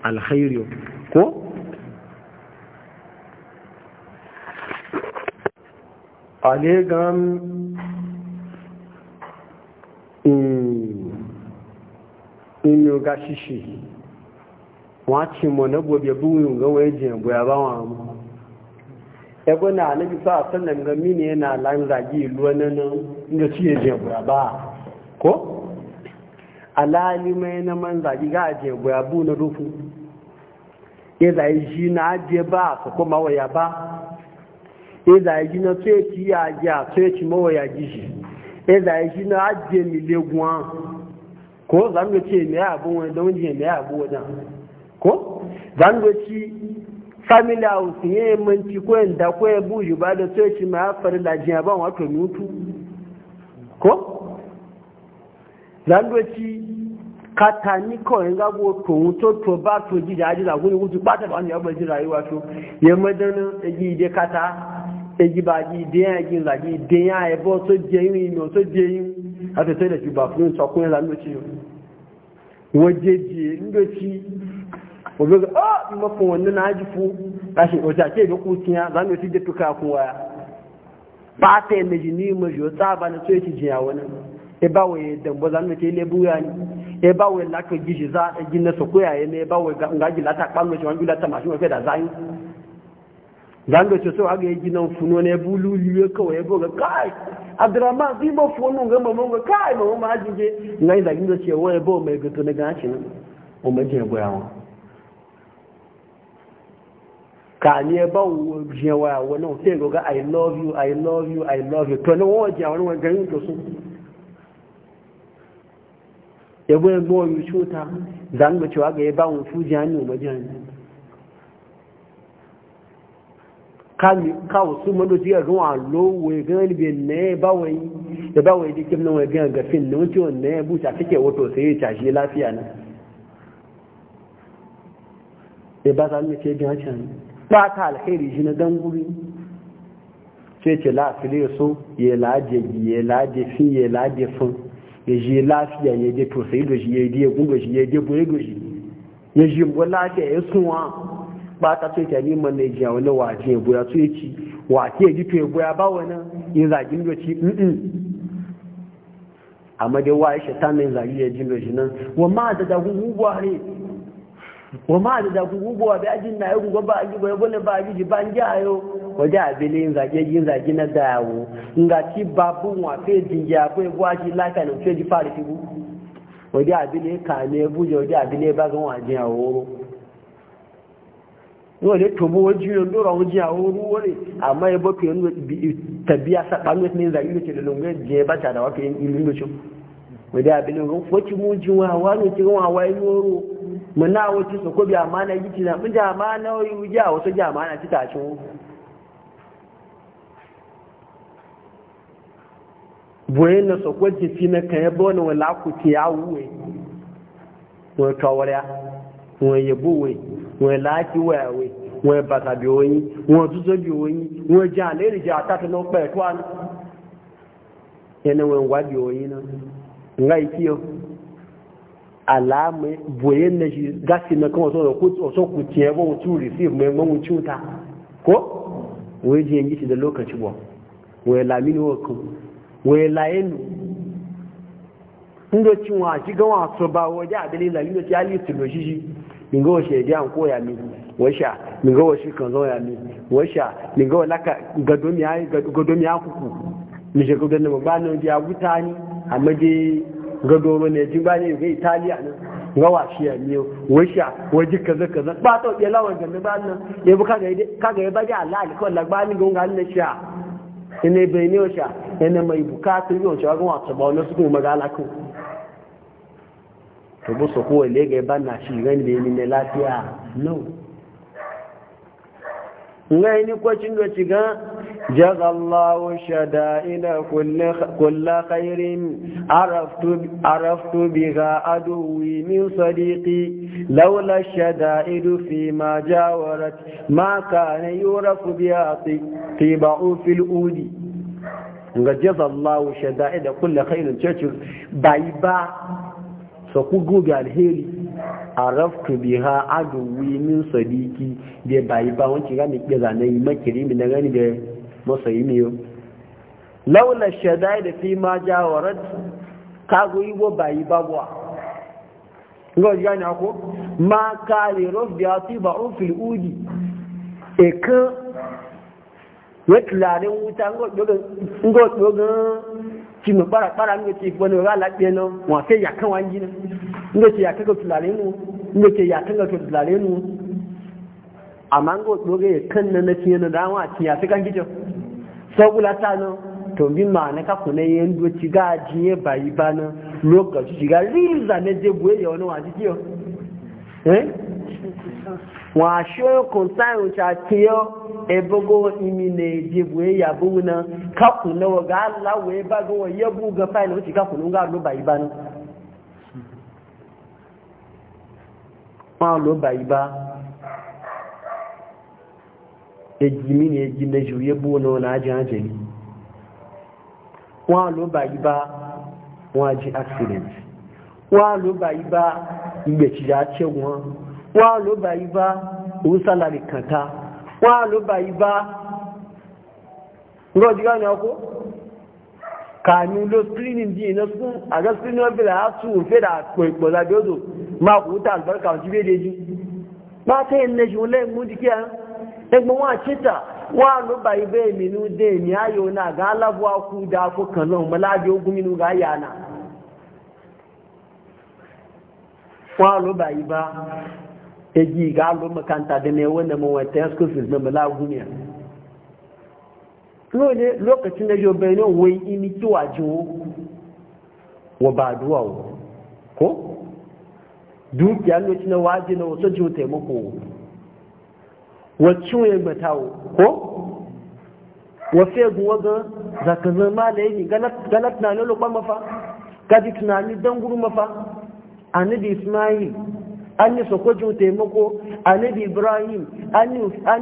alkhairiyo ko ale gan inyo ga shishi wọ́n ti mọ̀ náà gbogbo búrú wọ́n ẹjì ẹ̀bọ̀ ẹ̀bá wọn mú ẹgbẹ́ náà níbi sọ àtọ́lẹ̀ nǹkan mí ni ẹ̀ náà ìlú ẹnẹ́nà ní ń lọ sí ẹjì kó alalimai na man zagi ga ajiye goya bu na rufu ya zai shi na ajiye ba a sako waya ba ya zai shi na tsoyaci ya ajiye a tsoyaci mawaya gishi ya zai shi na ajiye guwa ko zango ce ya abu wani don jiye ya abu wajen ko zango ci family house ne manci ko yanda ko ya buji ba da tsoyaci mai hafar lajiya ba wato mutu ko zandoci katani kawai ga go to to to ba to ji da ajira guni wuce ba ta ba ne abin rayuwa to ya madana ji de kata e, ji ba ji de ya ji la ji de ya e bo to je yin no to je yin a to tele ju ba fun so kun la nochi yo wo je ji ndochi o be ah mo ko wonna na ji fu kashi o ta ce da ku tiya za mu ti de tuka ku waya ba ta ne ji ni mo jo ta ba ne so yi e, ji ya wannan eba we dambo zanu buya ni eba we la za e so ko yaye ne eba we ga ji la ta kpanu ta mashi fe da zayin zanu so so aga jinna e funo ne bulu liwe ko e, e kai adrama zi bo funo ga kai mo ma ajije ngai da gindo che wo e bo me ga ne ga chi o me je wa ka ni eba wo je wa wo no ga i love you i love you i love you to ne wo je awon wo ga to so yabo ya gowa yi cuta za mu cewa ga ya ba mu fuji hannu ma jihani kawo su mano jiya ruwa lowe ya gani bin na ya ba yi ya ba yi dikin nan wai gafin na wuce na ya buta take wato sai ya tashi lafiya na ya ba za mu ce biya can ba ta alkhairi shi na dan guri ce ce la afiliyo so ya laje ya laje fi ya laje fun ya je lafiya ya je tosai da shi ya je gunga shi ya je boye da shi ya je bo lafiya ya suwa ba ta ce tani man ne ji wala wace ya boya su ya ci wace ya ji to ya boya ba wani in za zagin da ci mm mm amma dai wa shi ta na yin zagi ya ji da shi nan wa ma da dagun gugu ne wa ma da ku gugu bai ajin na yau ba aji ba bane ba aji ba nja ayo waje abili in zage yin zage na dawo nga ci babu wa fe dinja ko e waji la ka no fe di fari ti bu waje ka ne bu je waje abele ba gan wa jin aworo no le to bo ji no do wani, wo jin aworo wore amma e bo pe tabiya sa kan ne zage ne da longe je ba ta da wa pe ni lo chu waje abele ngon ko ti mu ji wani wa wani ti e woro Muna na wuce su ko biya mana gici na mun jama na wuyi a wasu jama na cita cin boye na so jifi na kan yabo na wala ku ti ya wuwe wani kawariya wani yabo we wani laki wayawe wọ́n bàtà bí oyin wọ́n dúdú bí oyin wọ́n jẹ́ àlérí jẹ́ àtàtà náà pẹ̀lú àná ẹni wọ́n wá bí oyin náà ńlá ìkíyọ́ alama boye na shi gasi na kan wasu wasu kuci ya bawa ciwo receive mai mamu ciwuta ko wai ji yanki shi da lokaci ba wai lamini wa kan wai layen ndo wa shi gawa su ba waje a dalilin lamini ta yali su doshi shi min gawa shi ya ko ya mi washa min gawa shi kan zo ya mi washa min gawa laka gadomi ya kuku mi shi gudanar ba na wuce a wuta ni a madai ga domin ne jin bani ga italiya nan ga washi ya miyo washa waji kaza kaza ba ta ya lawan gambe ba nan ya bu kaga ya kaga ya baje Allah sha ene bai ne washa mai bukatu sha ga wata ba wani ga to bu ga ban na shi gani ne lafiya no ngai ni ko cin doci ga jazallahu shada'ila kullu khairin araftu araftu biha aduwi min sadiqi laula shada'idu fi ma jawarat ma kana yurafu bi biha tibau fil udi nga jazallahu shada'ida kullu khairin cece bai ba so ku gubi alheri araftu biha aduwi min sadiki da bai ba wanki ga mi kiza ne makiri mi na gani da masoyi miyo laula shadaid fi ma jawarat ka go yiwo bai ba bwa ngo gani ako ma kali rof bi atiba fil udi e ka wetlarin wuta ngo ngo ngo ti mi kpara kpara mi ti gbɔ ne o ka lafiya na wɔn fɛ yakan wa yi na n bɛ ti yakan ka tulare nu n bɛ ti yakan ka tulare nu amma kan na na tiɲɛ na da an wa tiɲɛ a kan kicin sabula ta na to bi ma na ka kuna yen do ti ga jiye bayi ba na lokaci ti ga riza na buye ya wa ebogo imi ne jebu e yabu na kaku na wa ala Allah we ba go yabu ga fa ne wuce kaku nga lo bai ba ni ma lo bai ba e jimi ne ji ne yabu na ji anje ni wa lo bai ba wa ji accident wa lo bai ba igbe ti ja che won wa lo bai wọ́n á ló báyìí bá ngọ́ jígá ní ọkọ́ kàánú ló skrini bí iná fún àgọ́ skrini wọ́n bèèrè àásùn mfe àpò akpọ lábẹ́ odò máa kò tà àlùbáríkà òjú bèèrè jí máa tẹ́ ẹ̀ nẹ́ṣù lẹ́gbùn nwa mọ́ láàbí Eji ga allo makanta da ne wanda mun wata school fees na malaguniya no ne lokacin da yo bayan wai ini kiwa jiwo wa ba duwa ko dukiya lokacin na waje na wasu jiwo taimako wacce ya gbatawo ko wasu yagun waga zaka zama da yi galat na lalo mafa ka ji tunani don guru mafa annabi ismail an yi sokojin taimako annabi ibrahim an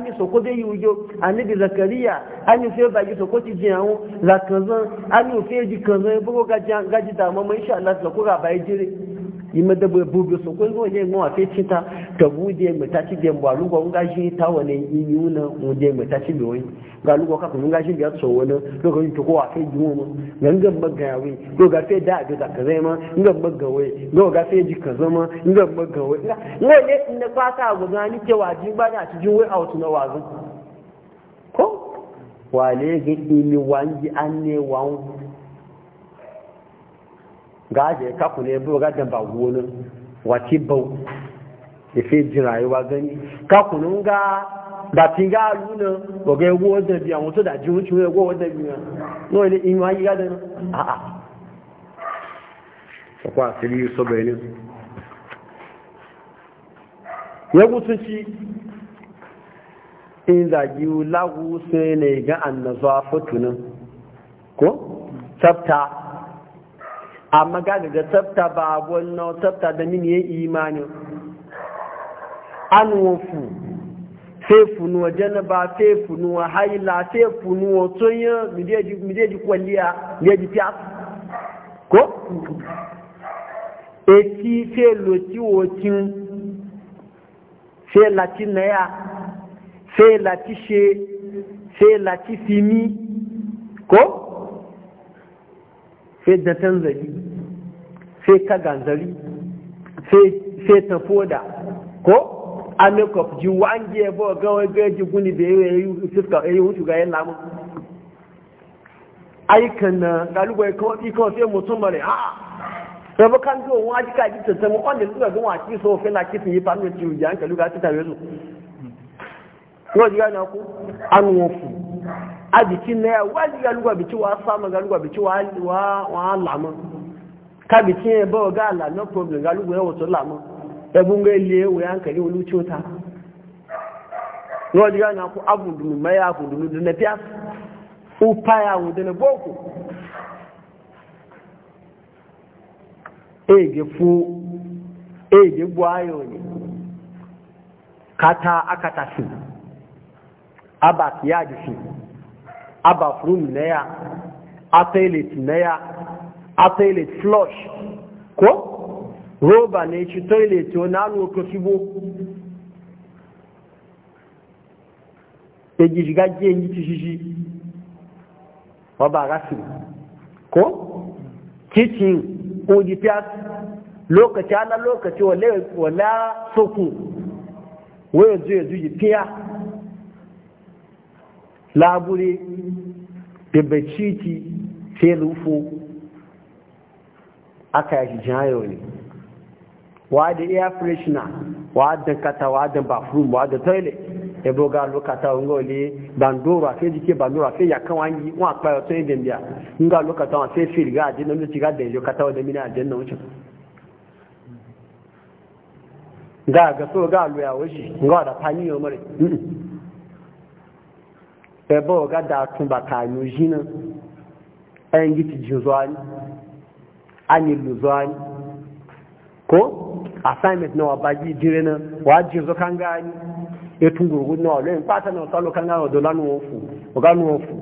yi sokobe yujo annabi zakariya an yi fiye baki sokoti jiyawo zakanzan an yi fiye jikanzan ya bugo gaji damar mai sha Allah su bai jire ima da bai bugu so ko zo ne mu afi cinta ta buje mu ta ci den ba lugo nga ta wane inyu na mu je mu ta ci bi wani ga lugo ka kun ya shi biya so wani lugo yin to ko afi jumu mu ganga maga yawi ko ga fe da ga ka zai ma nga maga wai Nga ga fe ji ka zama nga nga ne ne ba ka go gani ke waji ba na ci juwe out na wazin ko wale ga imi wanji an wangu ga je kaku bu ga dan ba wani wati bau ya e fi jin rayuwa gani kaku nun ga da ti ga luna ko wo da biya wato da ji wuce ko wo da biya no ile e in wa yi ga a a kwa so ya in zagi lagu sai ne ga annazafatu ko tsafta amma ga daga tsafta ba wannan tsafta da mini ya imani an wofu sai funuwa janaba sai funuwa haila sai funuwa tsoye mideji kwalliya mideji fiya ko eti sai loti wotin sai lati naya sai lati she sai lati fimi ko sai datan zari sai kagan zari sai ta foda ko amikop ji wange bo gawa gaji guni da yayi fiska yi, hutu ga yan lamu aikan na galugo ya kawo iko sai mutum bare a sai kan zo wa ka ji tantan mu on suka ga waki so fe na kitin yi famu ji yan kaluga ta tawe su ko ji ga na ku an wofu a bikin na yawa ji galuwa bici wa samun galuwa bici wa lamun ka bikin ya bawa ga ala no problem ga galuwa ya wato lamun ebun ga ile ewu ya hankali wani cuta yau ji gani ku abu mai maya abu dunu dunu fiya upa ya wudu na boko ege fu ege gwayo ne kata akata fi abat ya ji fi aba room na ya a toilet na ya a toilet flush ko roba na ci toilet o na alu oko fibo ejiji gaji enyi ti ṣiṣi ọba arásìlú ko kitchen oji pias lokaci ana lokaci wala sokun wọ́n yóò ju labure da baciti sai rufo aka yi jayo ne wa da air freshener wa da kata wa da bathroom wa da toilet ebo ga lokata ngo le bandoro afi dike bandoro afi ya kan wangi wa pa yo tin dem bia nga lokata wa fe fil ga de no ti ga de yo kata wa de mina de no chu nga ga so ga lo ya wo shi nga da pani yo mare ẹ̀bọ́ ga da tun bàtà lójí náà ẹ̀yìn gí ti jù zọ́ọ́ni a ní ko assignment náà wà bá yí jíire náà wà á jù zọ́ kánga ni ètò gbogbo náà lẹ́yìn pátá náà sálọ kánga ọ̀dọ̀ lánà wọn fò ọ̀gá nù wọn fò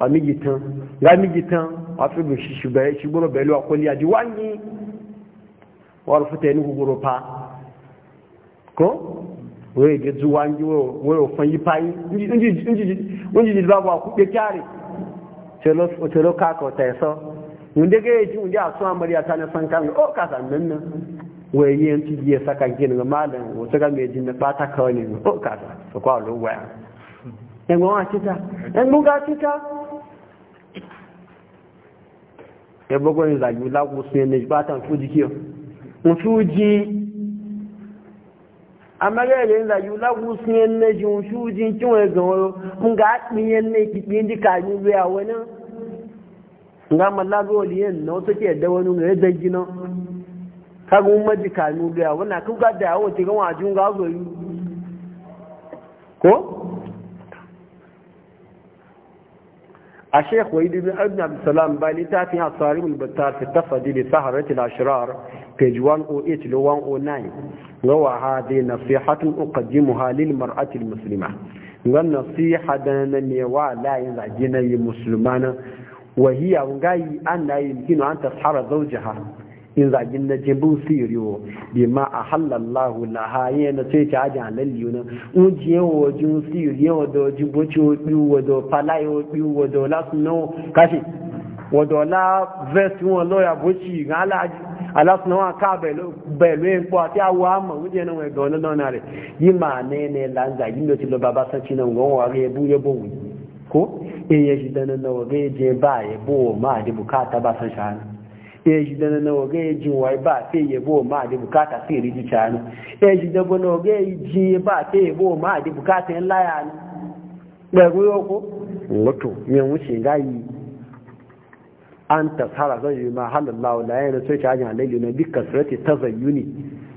wà méjì tán wà méjì tán wà fi bù ṣiṣu bẹ̀rẹ̀ ṣùgbọ́n bẹ̀rẹ̀ lọ àkọlé àdì wá ní wà lọ fúta ẹni gbogbo pa ko wọ́n èdè ju wá ń yí wọ́n ò wunji jilba ba ku ke kyare celo celo ka ko ta so wunde ga yi wunde a so amariya ta na san kan o ka san nan nan wai yin ci ya saka gin ga malam wata ga mai jin da fata ka wani o ka ta so kwa lo waya en gwa cita en buga cita e bogo ni zagi lagu sun ne ba tan fuji kiyo mun fuji amagayele nza yula kusiye ne jinshu jinki we gawo nga tiye ne kipindi ka ni be awena nga malago liye no to ke da wani ne da gino ka gun maji ka ni be wani ku ga da awo ti ga wajun ga yi ko a sheikh wahid ibn abdulsalam ba littafin a tsarin albattar fi tafadi da saharatul ashirar page 108 da 109 ga wahade nasihatun uqaddimuha lil mar'ati muslima ga nasiha da na ne wa layin zage na yi musulmana wahiya ngai an la yumkinu an tashara zaujiha. in zagin na jibin siriyo bi ma a halallahu lahaye na sai ta ajiyar lalliyo na uji yawa wajen siriyo wado jiboci obi wado falaye obi wado lasu na kashi wado la vest wọn lọ́yà bóci ga alasu na wọn ká bẹ̀lú epo àti awọ ama wújẹ na wọn ẹgbẹ̀ ọ̀nà na rẹ̀ yí ma nẹ́ẹ̀nẹ́ lanza yí ló ti lọ bàbá sánci na wọn wà rẹ̀ bú yẹ́bọ̀ wù kó na, wa dáná náà rẹ̀ jẹ báyẹ̀ bó ma àdìbò káàtà bá sánci ya eh, ji dana na oge ya ji wai ba te yi yabo ma di bukata sai riji chanu ya eh, ji dabo na oge ya ji ba te yi yabo ma di bukata en laya ne da ruwa ko wato yan wuce gayi an tasara zai yi ma halin lawo da yana sai ta ajin halayya na bi kasrati ta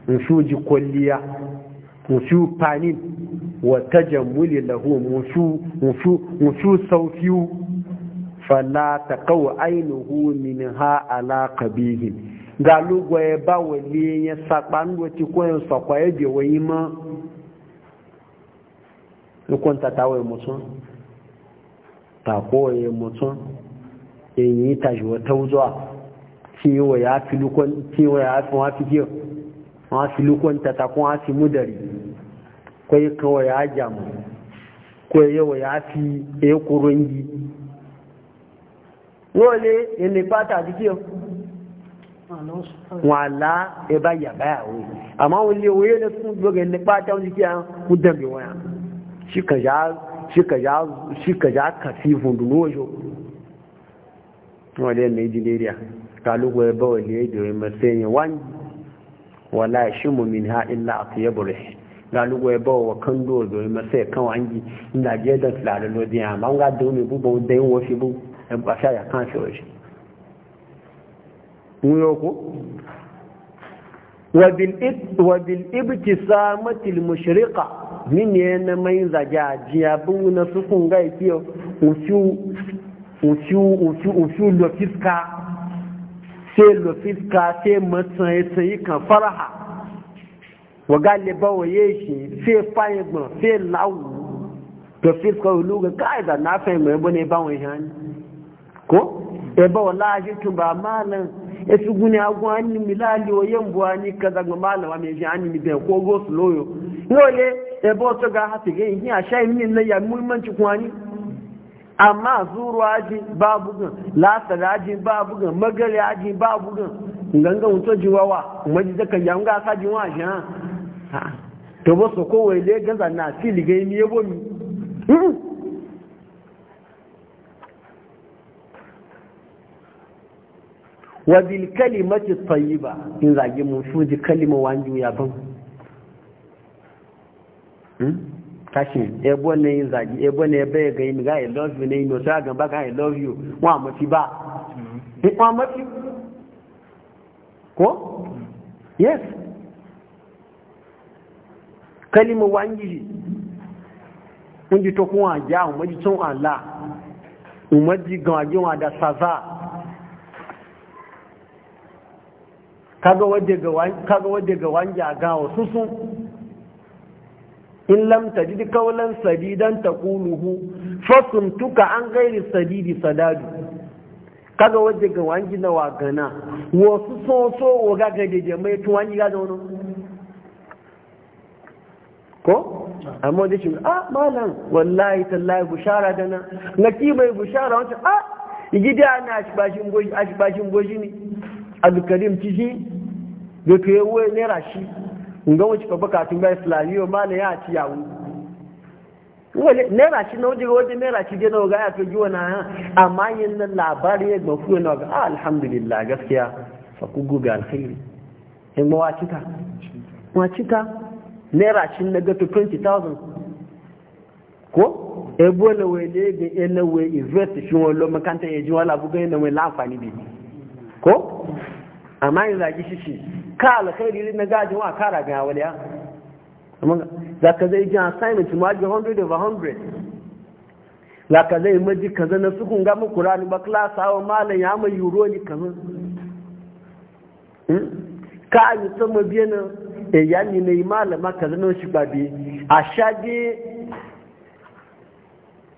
in su ji kwalliya in su fanin wa tajammuli lahu in su sauƙiyu fala e ta kawo ainihu min ha ala kabihi ga lugwa ya ba wali ya saɓa ndoci ko yin sakwa ya je wani ma nukun ta tawaye mutum ta kowaye mutum in yi ta shi wata wuzuwa kiwo ya fi lukon kiwo ya fi wafi kiwo wafi lukon ta ta kuma fi mudari ko yi ko ya jamu ko yawa ya fi ya e kurungi wọ́lé lé ilé pátá àdíkí ọ wọ́n alá àlá ẹbá yàbáyàwó àmá wọ́n lé orí ẹni fún gbogbo ilé pátá wọ́n díkí àwọn kú dẹ̀mí wọ́n yàn ṣíkàjá kà sí ìfòndùn lóòjò wọ́n lè ní à kálùkù ẹbá wọ́n lé èdè ìmọ̀ sẹ́yìn wọ́n wọ́n láì ṣímù mi ní ha ilá rẹ̀ kálùkù ẹbá wọ́n kán dúró ìmọ̀ mẹ́sẹ̀ kán wọ́n yìí ńlá jẹ́ dọ̀tí làlọ́lọ́dí àmá ń gá dùn mí búbọ̀ dẹ́yìn wọ́n fi búbọ̀ àṣà àyàkán àṣà ọ̀ṣẹ́ wabil'ibki samatil mushrika min yana mai zagajiya bin na sukun ga ike ofiu lofiska sai lofiska sai matsayi sai kan faraha wa galiba waye shi sai fayin gbọn sai lawu lofiska oluga ka'ida na fahimta yabo ne bawon shani ko ebe wallahi tun ba malan ya su gune agun hannu milali o yin buwa ni kaza ga malan wa mai shi hannu mi bai ko gosu loyo yole ebe wasu ga hati ga yi a sha yi na ya muhimmanci kuma ni amma zuru aji ba bugun lasar aji ba bugun magari aji ba bugun ganga wuto jiwawa maji zaka ya nga ka jiwa a ha to ba su kowai le gaza na fili ga yi mi yabo mi wa bil kalimati tayyiba in zage mu su ji kalima wanju ya ban kashi hmm? ebo ne eh, yin zage ebo ne bai ga yin ga i love you ne yin otu agan ba ga i love you mu a mafi ba hmm. wọn a mafi ko yes kalima wanji kun ji to kun a ja umarji tun ala umarji gan ajiyar da saza kaga wadda ga wangi a wasu sun? in sadi tajid ta sadidan fasun tuka an gairi sadidi sadadu kaga wadda ga wangi na wagana wasu so so waga ga deje mai tun wangi ga zaunu ko amma wadda shi a ah, malam wallahi tallahi bushara dana na ki bai bushara wancan ah, a gidi ana ashibashin goji ne alkarim ciki da ke yawon naira shi ga wuce ka bukatun ba islamiyya ma na ya ci yawo naira shi na wajen wajen naira shi gina ga ya fi na wani amma yin nan labari ya gbafu yana ga ah, alhamdulillah gaskiya fa ku gobe alkhairi in ma wacika wacika naira shi na gato 20,000 ko ebo na wai ne ga yana e wai invest shi wani lo makanta ya ji wala bugan e yana wai la'amfani bi ko amma yin zagi shi shi ka alkhairi na gajin wa kara ga waliya za ka zai jin assignment ma ji 100 over 100 za ka zai maji kaza na sukun ga mu kurani ba class hawa malam ya mai euro ni kaza hmm? ka yi sama biyanin eh, yayin ne malama kaza na shi babi a shage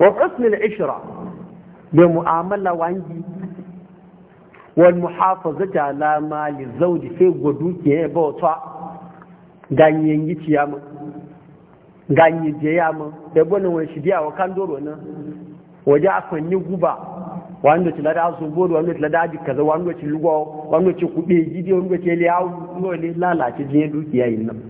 wa husnul ishra da mu'amala wangi wal muhafazati ala ganyen da wa kan doro waje guba wanda ci lada su bodo wanda ci lada za wanda ci lugo wanda ci kudi gidi wanda ci liyawo wanda lalace dukiya yin nan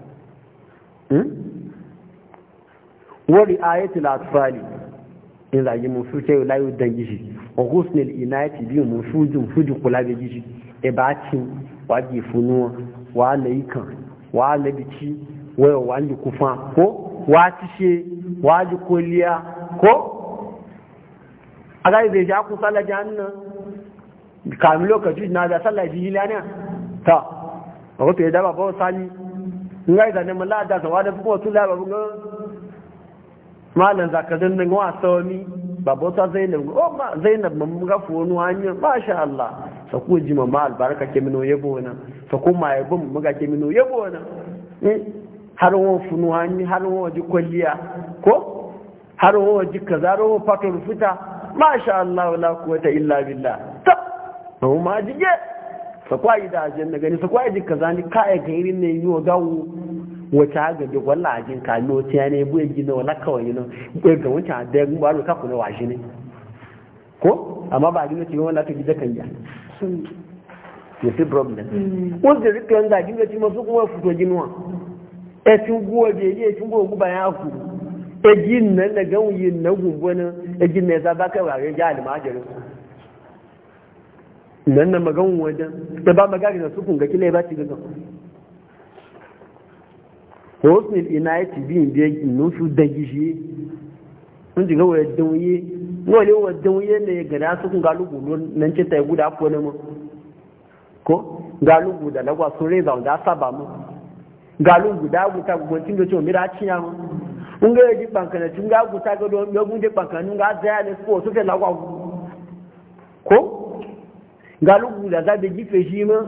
Hmm? wari ayatul atfali in zagi mun su ce layu dan gishi wa husnul inayati bi mun su jin fuji kula da gishi e ba ci wa ji funu, wa laikan wa labici wa wa ji kufa ko wa tishe wa ji koliya ko aga zai ja ku sallah jahannan kamin lokaci na da sallah jihilana ta wato ya daba ba sali nga yi zane mala da sawa da fuko tun laba bunga malan zakarin nan wa sawami babu ta zainab o ma zainab mun ga fonu hanya masha Allah sa ku ji ma albarka ke mino yabo na sa ku ma yabo mun ga ke mino yabo na hmm? har wo funu hanya har wo ji kwalliya ko har wo ji kaza ro fatar fita masha Allah la quwata illa billah ta mu ma jige sakwai da ajin na gani sakwai jin kaza ka ga irin ne yiwo gawo wata ga da walla ajin ka no tiya ne bu na wala kawai na ko ga wata da mu ba ka kuna washi ne ko amma ba gina ce wala ta gida kan ya mm. ya fi problem ko da rike wanda gina ce masu kuma fito ginuwa ya guwa da yi guwa guba ya nan da na ya kai wa ga nan na magan wajen da ba magari na sukun ga kila ya ba ci gaga hosnil ina ya ci biyun da ya nusu da gishiye sun ji gawa yadda wuye wale wadda wuye ne ya gada sukun ga lugu nan ce ta yi guda ko mu ko ga lugu da lagwa sun reza da saba mu ga lugu da aguta guguncin da cewa mira ciya mu in ga yaji bankanacin ga aguta ga don yagun je bankanin ga zaya ne su ko su fe lagwa ko ga lugu da za da gife shi ma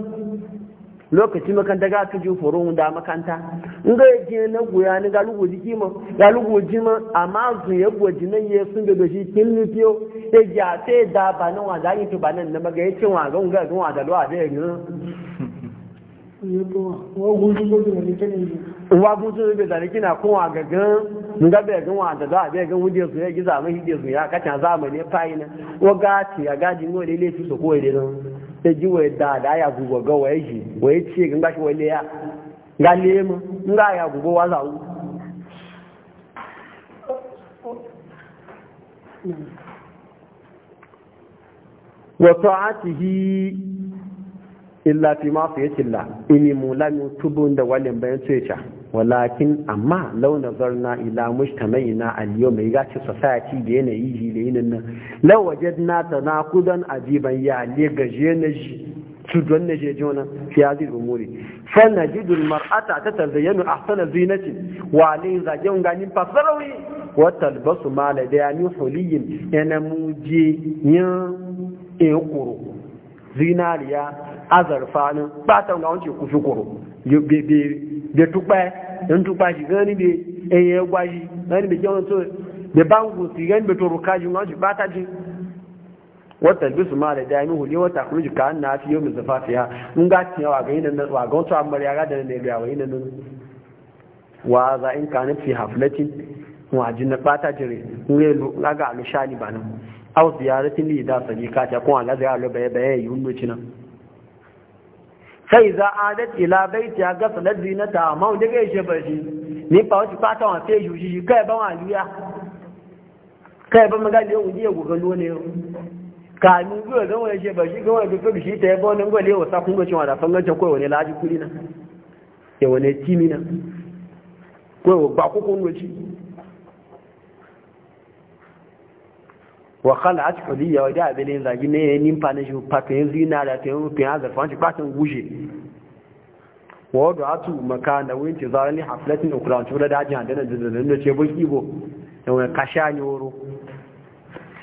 lokaci makanta ga ka ji foro da makanta in ga je na goya ni ga lugu jiki ma ga lugu ji ma amma zu ya goji nan ya sun da shi kin lufiyo ya ja sai da ba nan wa yi to ba nan na maga yace wa ga ga ga wa da lo a da ya wagun sun rufe nke kina kowa wa gan nga gan wa da za a gan wuje su ya giza mai hide su ya kacan zamani ya fayi na waga ce ya gaji ne wale lefi su kowai dinan ta ji wai da da ya gugo ga wai ji wai ce gan gashi wai leya ga lemu nga ya gugo wa za illa fi ma fi yakilla ini mu lam yutubun da walin bayan yace walakin amma law nazarna ila mujtama'ina al-yawm ya ce society da yanayi hilayin nan law wajadna tanaqudan ajiban ya le gaje na shi don na jeje wannan fi hadhihi umuri fa najidu al-mar'ata tatazayyanu ahsana zinati wa alayhi zajun ganin fasarawi wa talbasu ma ladayani huliyin yana muje yin ekuru zinariya azarfa ni batan ga wanci ku shukuru da tukpa shi gani be eye be so da bangu si gani be toru kaji wanci bata wata bisu ma da wata ka an na fi mai zafafiya in ga tiya wa gani nan wa ga wata da ne biya wa yi wa za in ka nufi haflatin wa na jire ga ba aw ziyaratin li da sadika ta kun ala ziyara lo baye baye yunno cinan sai za adat ila baiti ya ga salat zinata ma wanda ga yashe bashi ni fa wata fata wa sai yushi kai ba wa kai ba maga le wuje go ga lone ka ni go ga wa yashe bashi ga wa ga bishi ta yabo nan go le wasa kun go cewa da fangancin koi wani laji kulina ya wani timina ba ku kun go wa a cikin liya wa da abin zagi ne ya nimfa na shi fatayin zinariya ta yi rufin azar fanci fatin gushe wa wadda a tu maka da wuyin ce zarar ne haflatin ukuran tura da ajiyar da nan da ce bul ibo da wani kasha ne wuro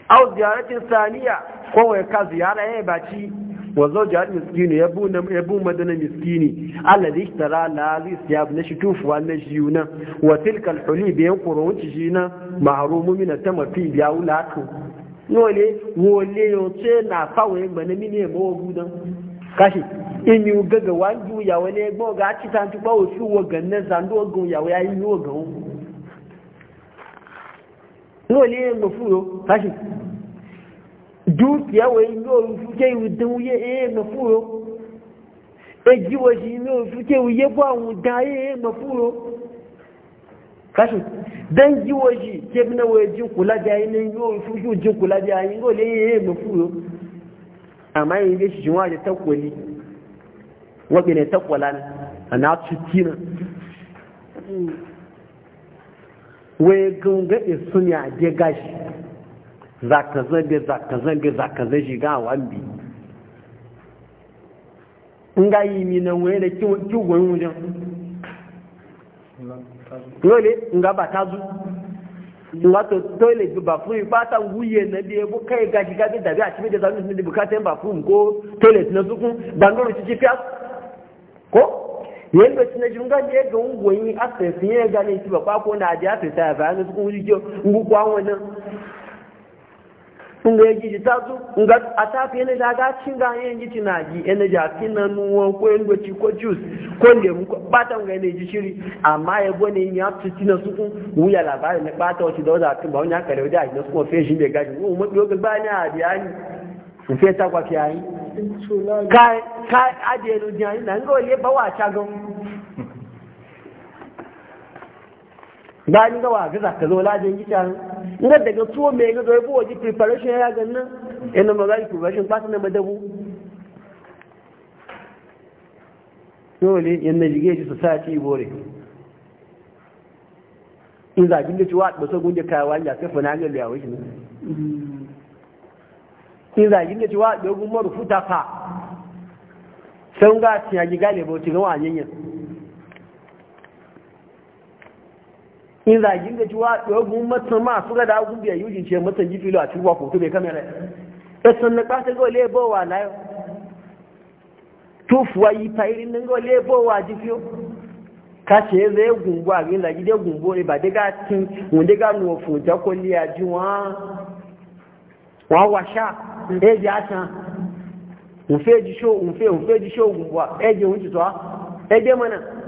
au ziyaratin saniya ko wani e, ka ziyara ya e, yi baci wa jihar miskini ya e, bu madana miskini allah da ishtara la zai siya na shi tufuwa na shi yunan wa tilkal huli biyan kurowunci shi na maharumu mina ta mafi biya wula haka wole wole yoce na kawai gbani mini ebo gudan kashi imi gaga wanju ya wani egbe ga achịta ta otu bawo shi nneza ndị ogun ya wa yi wo gan wole mo kashi dukiya wo yi no fuje yu dun ye e mo furo eji kashi dan jiwo ji ke bi na waye jin kula da yayin nan yiwo fushi jin kula da yi go le yeye mu fuyo amma yin ga shi jinwa da takwali wabi ne takwala ne ana cikina waye gunga isun e ya je gashi zaka zambe zaka zambe zaka zaji ga wambi in ga yi mi nan waye da kiwon wajen dole nga ba ta zu nga to dole bi ba fu ba ta wuye na bi bu kai gaji gaji da bi a cikin da zamu ne bukata ba fu ko toilet na da dangoro ci ci fias ko yen be tine junga ne ga ungoyi a sai fiye ga ne ci ba ko na ji a sai ta ba ne zuku wuji ngu kwa na. nga yi gidi nga a ene yana da ga cin ga yin gidi na gi yana da fin na nuwa ko yin goci ko juice ko lemu ko bata nga yana ji shiri amma ya bone yin ya tuti na su wuya labarin na bata wata da wata ba wani haka da wata na su kuma feshi mai gaji ko mu dogo ba ni a biya ni su fe ta kwa fiyayi kai kai aje lu jani na nga wale ba wa ta ba ni wa gaza ka zo lajin gitan ina daga tuwo mai ga zai buwa ji preparation ya ga nan ina ma zai preparation ba na madabu dole jige ji society bore in ciwa gunde ya sai na ga in ciwa da marufuta fa sun ga tiya giga le bo tiga yanyan in zagin da cewa dogon matan ma su ga da agun biya yujin ce matan ji filo a cikin wa kotu bai kamera ya san na kwata ga wale bowa na yau tufuwa yi fa'irin nan ga wale bowa ji fiyo ka ce zai gungu a rin zagi dai gungu ne eh, ba daga tin wanda ga nuwa futa kwalli a ji wa washa ya mm. eh, ji a can nfe ji sho nfe nfe ji sho gungu a ya eh, ji wunci tuwa ya mana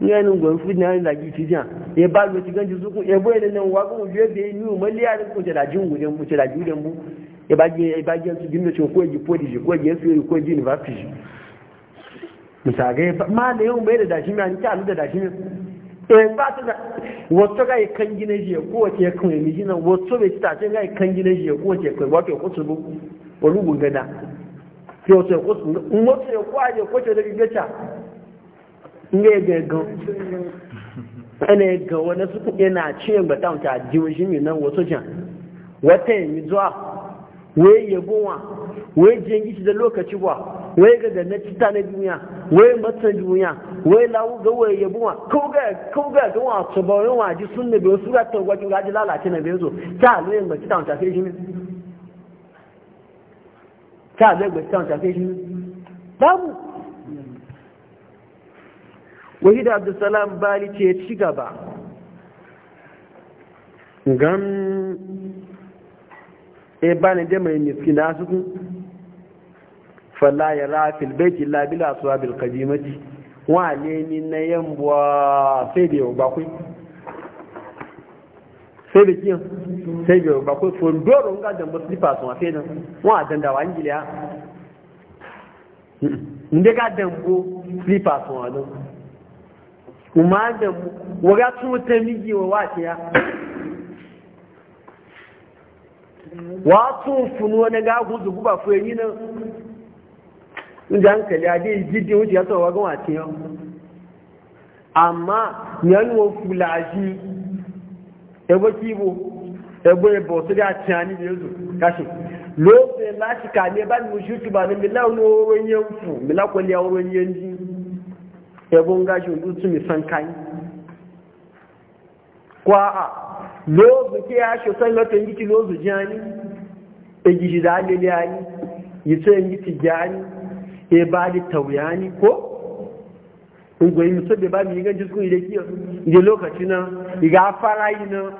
yẹnu gbọ̀n fún náà lagi ti dìàn ẹbá ló ti gánjú sókún ẹbọ́ ẹ̀lẹ́ náà wà kún ojú ẹ̀bẹ̀ inú mọ́lẹ́ àríkùn ṣẹ̀dájú ìwòdẹ̀ mú tí ó kó èjì pọ́dìjì kó èjì ẹ̀fẹ́ kó mai shi yi ne ga gan ana ga wani suku yana ce ba a jiwo shi mai nan wasu jan wata yi zuwa wai yabonwa wai jengi shi da lokaci ba wai ga na cita na duniya wai matsan duniya wai lawu ga wai yabonwa ko ga ko ga ga wa to wani sun ne bai su ga ta wajen gaji lalace na biyu zo ta loyin ba cita ta sai shi ne ta zai ba cita ta sai shi ne babu wahida abdulsalam bali ce ci gaba gan e bani da mai miskina su kun falla ya rafil baiti labila suwa bil kadimati wane ni na yambuwa sai da yau bakwai sai da kiyan sai da yau bakwai fondoron gajan ba slippers wa da wa dandawa ingiliya inda gajan dambo slippers wa don kuma da waga tun ta miji wa wace ya wato funo na gagu da guba fuye ni nan inda hankali a dai jiddi wuce ya tsawo wagan wace ya amma yanwo fulaji ebo kibo ebo ebo to da tiani bi yozu kashi lo se la shika ne ban mu shutu ba ne mi lawo ro nyenfu mi la ko le ro nyenji ebon gashin dutsu mai san kai kwa a lozu ke ya shi san lati ngiti lozu jani e gidi da alele ani yitse ngiti jani e ba di ni ko ungoyi yi da ba mi ganci su ile kiyo ile lokaci na ga fara yi na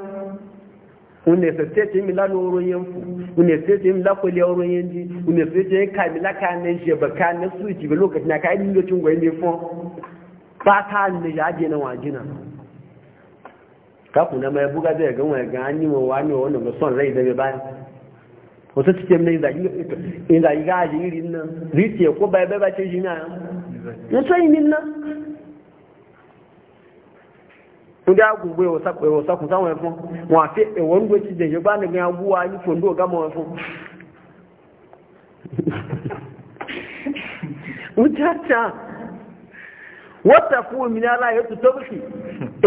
unesiteti mi lanu orun yen fu unesiteti mi lakwali orun yen ji unesiteti ka mi laka ne je baka na su ji lokaci na ka yi lokacin gwe ne fun fata ne ya je na wajina kaku na mai buga zai gan wani gan yi wa wani wa wanda son rai da bayan wata cikin na inda yi gaji irin nan ritiya ko bai bai bace shi na ya sai min nan inda e ya gugbe wa sakun samun fun wa fi ewon gwaci da ya bani gan abuwa ni fondo gama wa fun mutata wata kuwa mina la ya tuta bushi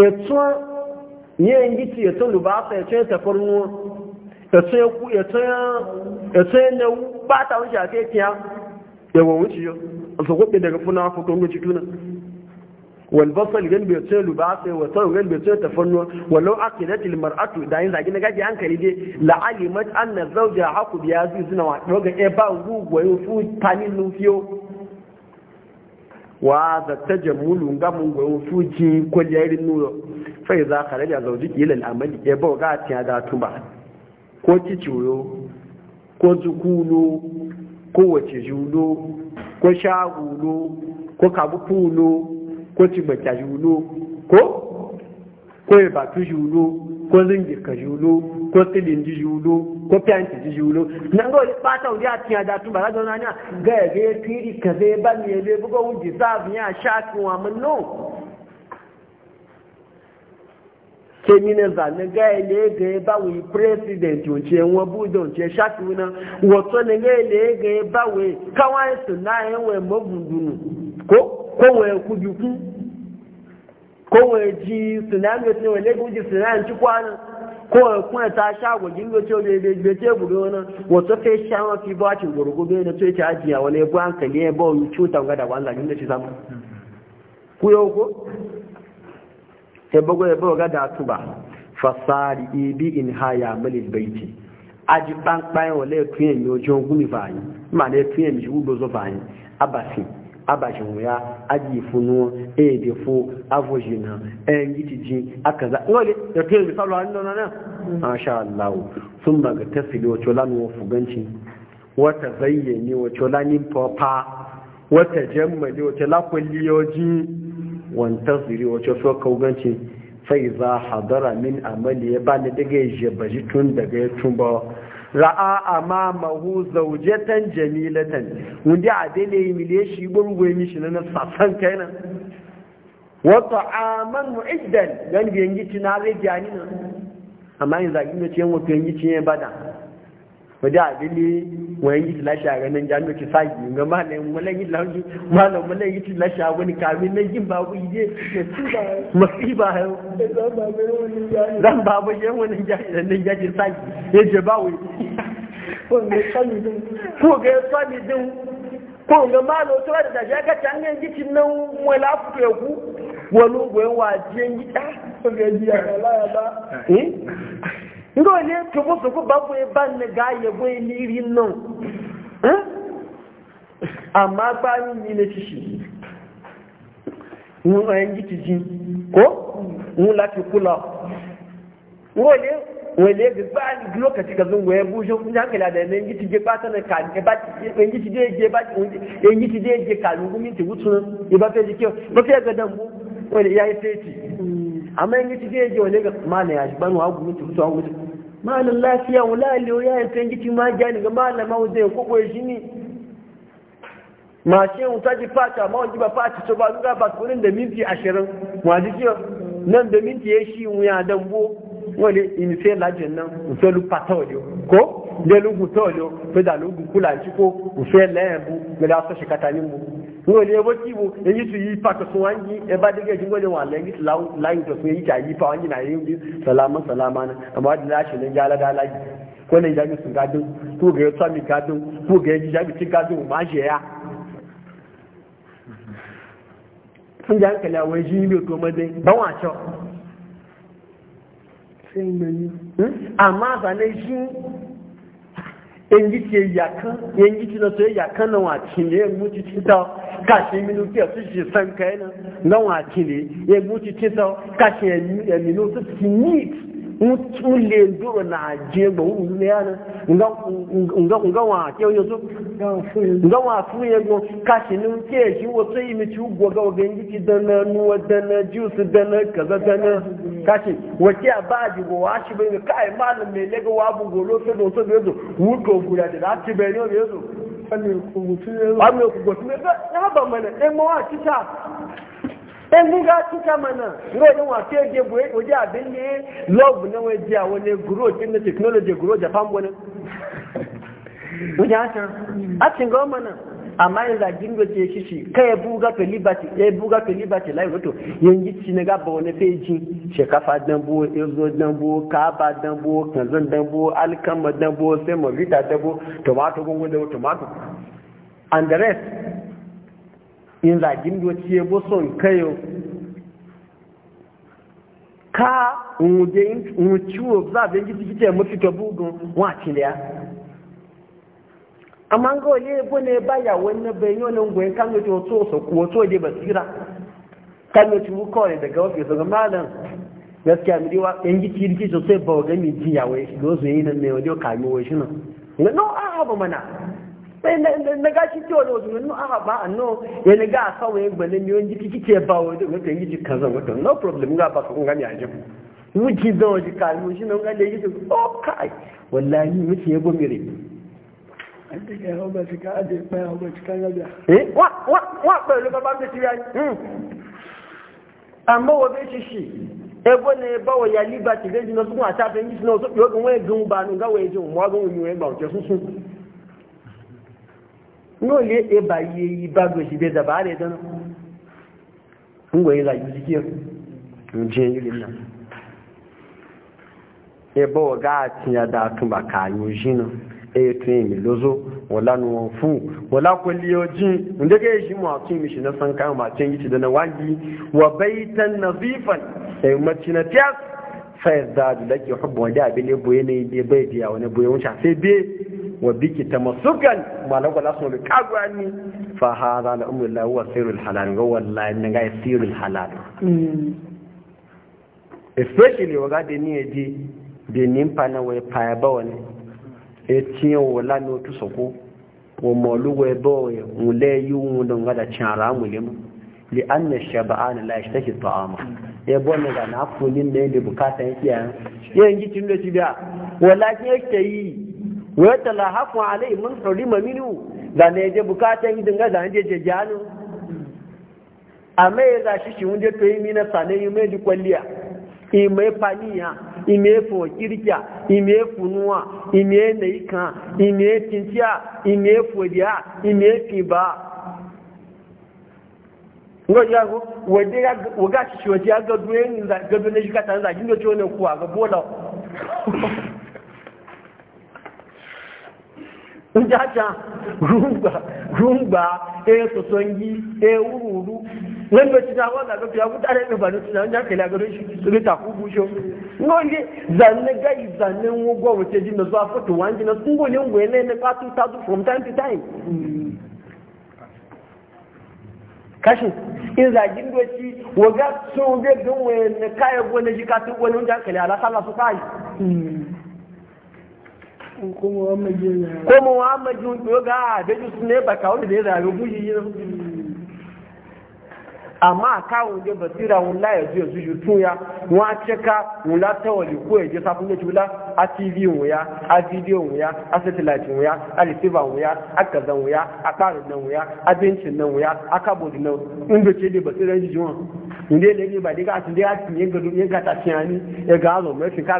eto yin gici eto lubasa eto ya tafarnu eto ya ku eto ya eto ya ne ba ta wuce a kai kiya ya wa wuce yo a so gobe daga funa ko tongo cituna wal basal gan bai ce lubasa wa sau gan bai ce tafarnu walau aqidat al mar'atu da yin zagi na gaji hankali dai la alimat anna zawja haqu biya zina wa doga e ba gugu wa yufu tanin nufiyo wa za ta jamulu ga mun goyo fuji kwaliyar nuno fai za ka rage zauji ki ilal amali ya ba ga tiya da tuba ko ci ciwo ko zukulo ko wace julo ko shagulo ko kabupulo ko cibaca julo ko ko ya batu julo ko zingir ka julu ko tilin ji julu ko pianti ji julu nan go pata uri atiya da tun bara dona nya ga ga tiri ka ze ba ne le bugo wuji sa biya sha ku wa mun no ke mine za ne ga le ga ba wi president o che won bu don che sha ku na wo to ne ga le ga ba we ka wa su na en we mo bundunu ko ko we ku ko wani ji tsunami da tsunami ne guji tsunami ci kwanan ko wani kuna ta sha gwajin ebe ce wani bai ce gudu wani wato fai sha mafi bacin gurgube na ta ajiya wani bu ya cutan gada wani lagin da sama ku yau ko ya bago ya gada su ba fasari ibi in haya malil baiti aji ɓanɓayen wale ya tuyen yojon gumi ma ne tuyen mishi gudu zo abashin wuya aji funo ebe fo avoji na ɗayan gitiji aka za wale da ta yi misali wani nuna nan masha Allah sun baga ta fili wacce lani wa fuganci wata zayyani wacce lani popa wata jammali wacce lakwalliyoji wanta ziri wacce so kauganci sai za hadara min amali ya ba ni daga ya baji tun daga ya tun ba ra'a amamahu zaujatan jamilatan wanda a dai yi, miliye shi burwe mishi na nasasan kai nan wa ta'aman mu'iddan gani biyan gici na zai jani na, amma yin zaki ne ce wato yin gici ne bada wadda abin ne wani yi tilasha a ganin jami'a ki sa yi ga malayin malayin yi malayin malayin yi wani kami na yin babu iye masu ba yau zan babu yan wani jami'a nan ya sa yi ya je ba wai ko ga ya sami din ko ga malo to da da ga can ne gitin nan wala ku wani goyen wajen gida ko ga ya ba eh ngo ne to bo so ko babu e ban ne ga ye bo e ni ri no eh amma ba ni e ko mu la ki kula ngo ne wele ga ba ni lokaci ka zungo ya e bushe kun hankali da ne ji ji ka ne ba ji ji je ba ji ji ka lungu min wutu ba fe ji ke mu wani ya yi feti amma yin gici zai je wani ga malam ya shi ban wa gumi mutu wa gumi malam lafiya wala aliyo ya yi fen gici ma ja ni ga malam ma zai koko ko shi ni ma ce wuta ji fata ma wani ba fata to ba ga ba kudin da minti ashirin ma ji nan da minti ya shi wuya dambo wani in fe lajin nan in fe lu pata ko ne lugu tolo fe da lugu kula ci ko in fe layan bu ga da so shi katanin mu wani ya baki bu yi su yi fa ka sun wangi ya ba yi ta yi na yi salama salama na amma da lashe na gyara da lagi ko na jami sun gadin ko ga ya tsami gadin ko ga ya ji jami cin gadin ma shi ya sun ji hankali a wani jini mai toma dai ban wacan sai yi amma 哎，你这牙科，你你知道这牙科弄啊清理，我就知道，干什么都表示是分开呢，弄啊听理，也我就知道，干什么也你是自己的。ntule nduru na jegbo ulu yana nga wa ke yozo nga wa fu yego kashi ni ke shi chi yi mici ugwo ga oge ngiki dana nuwa dana juice dana kaza dana a baji go wa shi bai kai malam me lega wa bu golo fe do so yozo wuko gura da da ti bai ne yozo ami ku ya ba in ga mana rodin wasu yake buwe waje abin ne love na waje a wani growth ní the technology japan wani waje hasa a cin gawa mana amma yanzu a gingo ce shi shi ka ya buga ta ya buga ta liberty gaba wani feji kaba dambo kanzan alikama tomato tomato and in zagin doci ya buson kayo ka ciwo za a bengi ya mafi ta bugun wacin da ya amma ya bane baya wani bayanin goyon kan otu wato so wato da basira kan yau ciwo daga wafi su malam gaskiya mu dewa yan gici rikici sosai ba wa gami jiya wai shi dozo yi nan wai shi nan a na gashi cewa da wasu nanu aha ba ya na ga kawai gbale mi wani jiki kike ba da wata yi jika zan wata no problem ga ba kun gani aje Wuce zan waje kalu shi nan ga da yi su "Ok" kai wallahi muke yabo mire wa wa wa ba ba ba ci ya amma wa be shi ebo ne ba wa ya liberty ga jina su kun ata fe yi sino so yo kun we gun ba nu ga we jin mo yi we ba o no le e ba yi ba go shi bai da ba le dan kun goyi mun je yi nan e bo ga ti da tun ba ka yi jina e tun mi lozo wala nu fu wala kulli yoji inda ga shi mu atun mi shi na san kan ma tin yi da na wangi wa baitan nazifan sai mace na tiyas sai da da ke hubbu da abin ne boye ne bai biya wani boye wuce sai be wa biki tamassukan malan ko lasu bi kagwani fa hadha la umru la huwa sirrul halal ga wallahi nan ga sirrul halal hmm. especially wa ga deni eje deni pana we pa ba woni e wani wo e la no tu soko wo mo lu we bo ye mu le yu mu don ga da chara mu le mu li anna shab'an la shi ta'ama ya e bonne ga na fulin ne da bukata yake e yan yanki tun da shi da wallahi yake yi wa talahafu alai mun hurima minu da ne je bukatan idin ga da je je janu amma ya za shi shi wunje to yi mina sane yi mai kwalliya yi mai faniya yi mai fokirkiya yi mai funuwa yi mai naika yi mai tinciya yi mai fodiya yi mai fiba ngo ya go wode ga waga shi waje ga duwe ga duwe ne shi ka tan za gindo ciwo ne kuwa ga bola njaja rumba rumba e sosongi e ururu nan ba ci dawo da gafiya ku tare da bani tunan da kila garo shi su ta ku busho ngonge zanne ga zanne wo go wace jin da zuwa foto wanji na sun gole ngwe ne ne ka tu du from time to time kashi in zagin doci waga sun ga dunwe ne kai gona shi ka tu gona da kila ala sala su kai ko muhammadu amma jin ga da jus ne ba kawo da ya rayu buji yin amma kawo da basira wala ya zuya zuju tuya wa cika wala tawali ko ya je safin da a tv wuya a video wuya a satellite wuya a receiver wuya a kazan wuya a karin nan wuya a bencin nan wuya a kabod nan inda ce da basira inda ya lege ba dai ka asin dai a tinye gado gata ciyani ya ga azo mai fi ka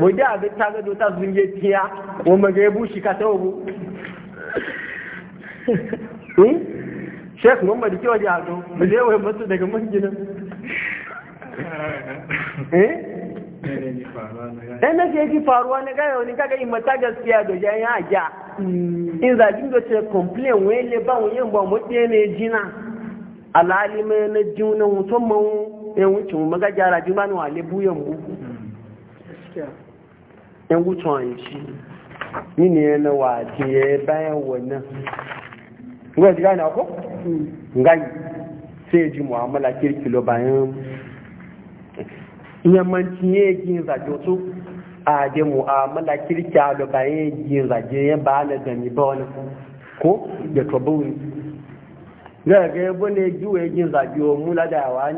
mu ji abin ta gado ta zunjetiya wanda ga ya bushi ka muhammad kyau ya hado mu je wai masu daga masjinan ɗan na ke ji faruwa na gaya kaga in mata siya do jan ya ja in zagin da ce complain wani le ba wani yan ba mu ne jina alali mai na jiunan musamman yan wucin maga gyara bi mani wale buyan mu yan wuce wani shi ni ne yana waje ya bayan wannan ga e ji gane ko ngai sai ji mu'amala kirkilo bayan yamanci ya yi e zaje su a da mu'amala kirkya da bayan yi zaje ya ba na gani ba wani ko e da tabbawin ga ga yabo ne ji wa yi zaje wa mula da yawa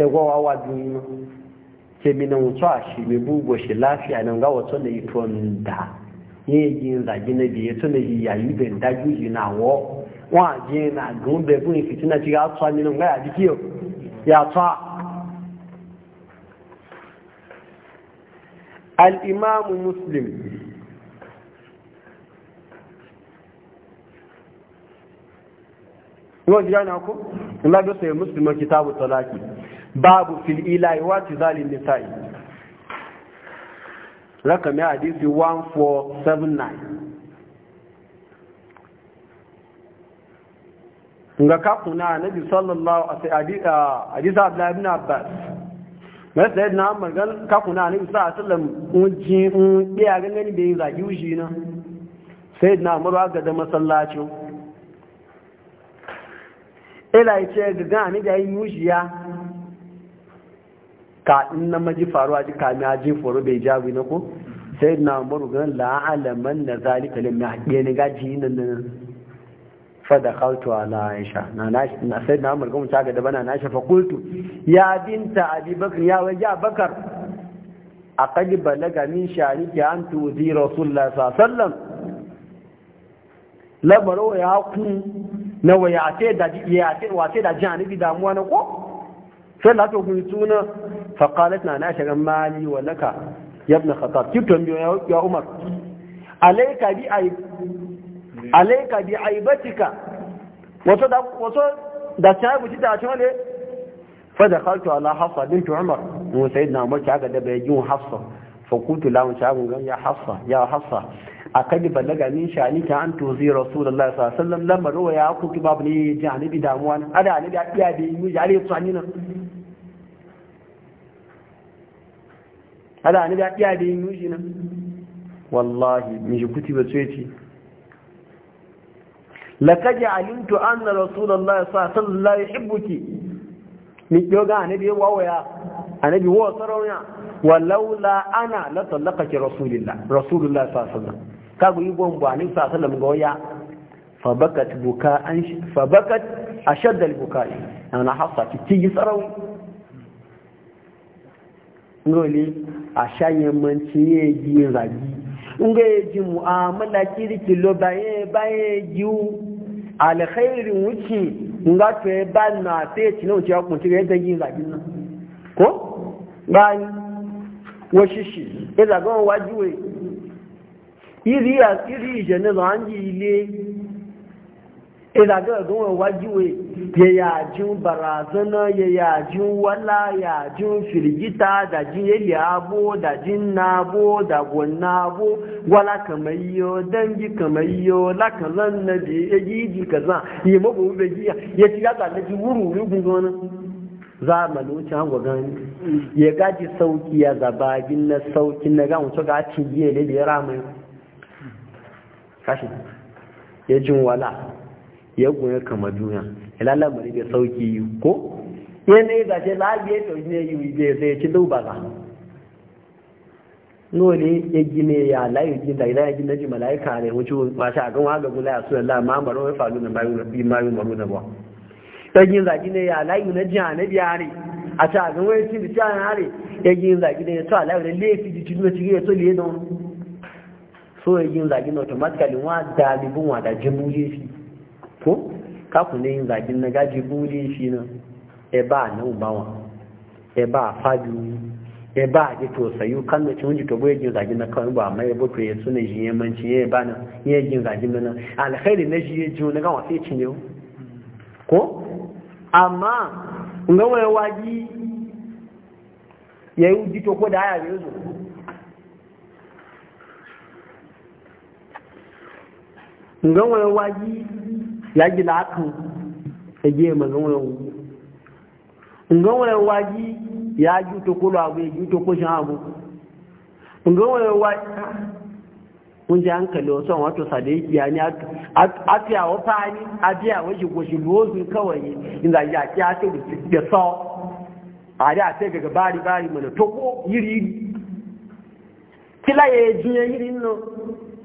ẹgbọ́ wa duniya dùn yín tèmi náà wọ́n tọ́ àṣìlè gbogbo ṣe láfíà náà gáwọ́ tó lè tó ń dà yín èyí ń ràjẹ́ náà bìyẹn tó lè yíyà yìí bẹ̀ ń dájú yìí náà wọ́ wọ́n àjẹ́ náà gùn ti yà tọ́ nínú ńgá yàtí kí o yà tọ́. al'imam muslim yóò di yánà ńlá bí ó sọ yẹ talaki babu fil ilahi wa tizalin nisa'i rakami hadisi 1479 ka kuna nabi sallallahu alaihi wasallam hadisa abdullahi ibn abbas mai sayid na amma ka kuna nabi sallallahu alaihi wasallam unji un iya gangani bai zagi wushi na sayid na amma ga da masallacin ila ce ga gani da yi wushi ya ka in na maji faruwa ji kami a jin foro bai ja na ko sai na umaru gan la'alaman na zalika lim na haɗe ga ji nan nan da kautu ala aisha na na sai na umaru gan ta ga da bana na fa kultu ya binta abi bakar ya waje bakar aqad balaga min ki an zi rasulullah sallallahu alaihi wasallam labaro ya ku na waya ce da ya ce ce da janibi damuwa na ko sai la to kun tuna fa qalat na na shagan mali wa laka ya ki ya umar alayka bi ay alayka bi aibatika wato da wato da ta buci da ta ne fa ala hafsa bint umar mu sayyidina umar ta ga da bayin hafsa fa kuntu la mu ta ya hafsa ya hafsa akadi balaga min shani ta an tozi rasulullahi sallallahu alaihi wasallam lamar ruwa ya kuki babu ne ji anibi damuwa ada anibi a iya da yi mu jare su hannun ala ni da iya da yin nushi nan wallahi mi shi kuti ba tsoye ce an alimtu rasulallah sa sallallahu alaihi yuhibbuki ni yoga annabi wawaya annabi wa sarauna walaula ana la tallaqaki rasulillah rasulullah sallallahu alaihi wasallam kago yi bombo annabi sallallahu alaihi wasallam goya fabakat buka an fabakat ashadda albukai ana hasa ki tigi sarauni ngoli a shayyamanci ya yi ragi nga ya ji mu'amala kirki lo bayan bayan yi alkhairin wuce nga to ya ba na sai ci na wuce ya kunci ga yadda yi ragi nan ko bani washishi ya zaga wa wajiwe iri ya iri ije ne zo an ji ile ya zaga wa wajiwe ya yajin barazana ya yajin wala jin firgita da jin yali bo da jin nabo da gwanna bo. wala kamar yo dangi kamar yo la kazan na bi ji kazan yi mabu be yi ya shiga ya na ji wuru rugun Za a wuce hango gani ya gaji sauki ya zabagin na sauki na ga wuce ga ci giye ne da ya yi. kashi ya jin wala ya goya kamar duniya ilala mari da sauki ko yanayi ga ce labiye to ne yi je sai ci duba ba nole ya gine ya layu ji da ya ila ji malaika ne wuce wasu shi a gan waga gula ya sunan ma maro ya falu na mayu maro na ba ta gine za ne ya layu na jiya na biya ne a ta gan wani cin da ci an hari ya gine za ne ya to layu da lefi ji ci na ci ya to liye don so ya gine za gine automatically wa dalibin wa da jimuje shi ko kakunin zagin na gaji buri shi nan ebe a nan bawa ebe a fadu ebe a ji tosayu kan da cin jito bai jin zagin na kawai ba mai butu ya suna ji yamanci ya ba na ya jin zagin nan alkhairi na shi ya na wani gawa sai cinye ko amma nga wani waji ya yi jito ko da haya ya zo nga wani waji yagi latu ege mangan wani ngan waji ya ju to kolo abu ya ju ko shan abu ngan wani waji ah, kun ji hankali wasu wato sadai ya ne a fiya wa fani a fiya shi goshi lozu kawai inda ya ki a tudu sa a da a sai daga bari bari mana toko ko yiri yiri kila ya yi jiya yiri nan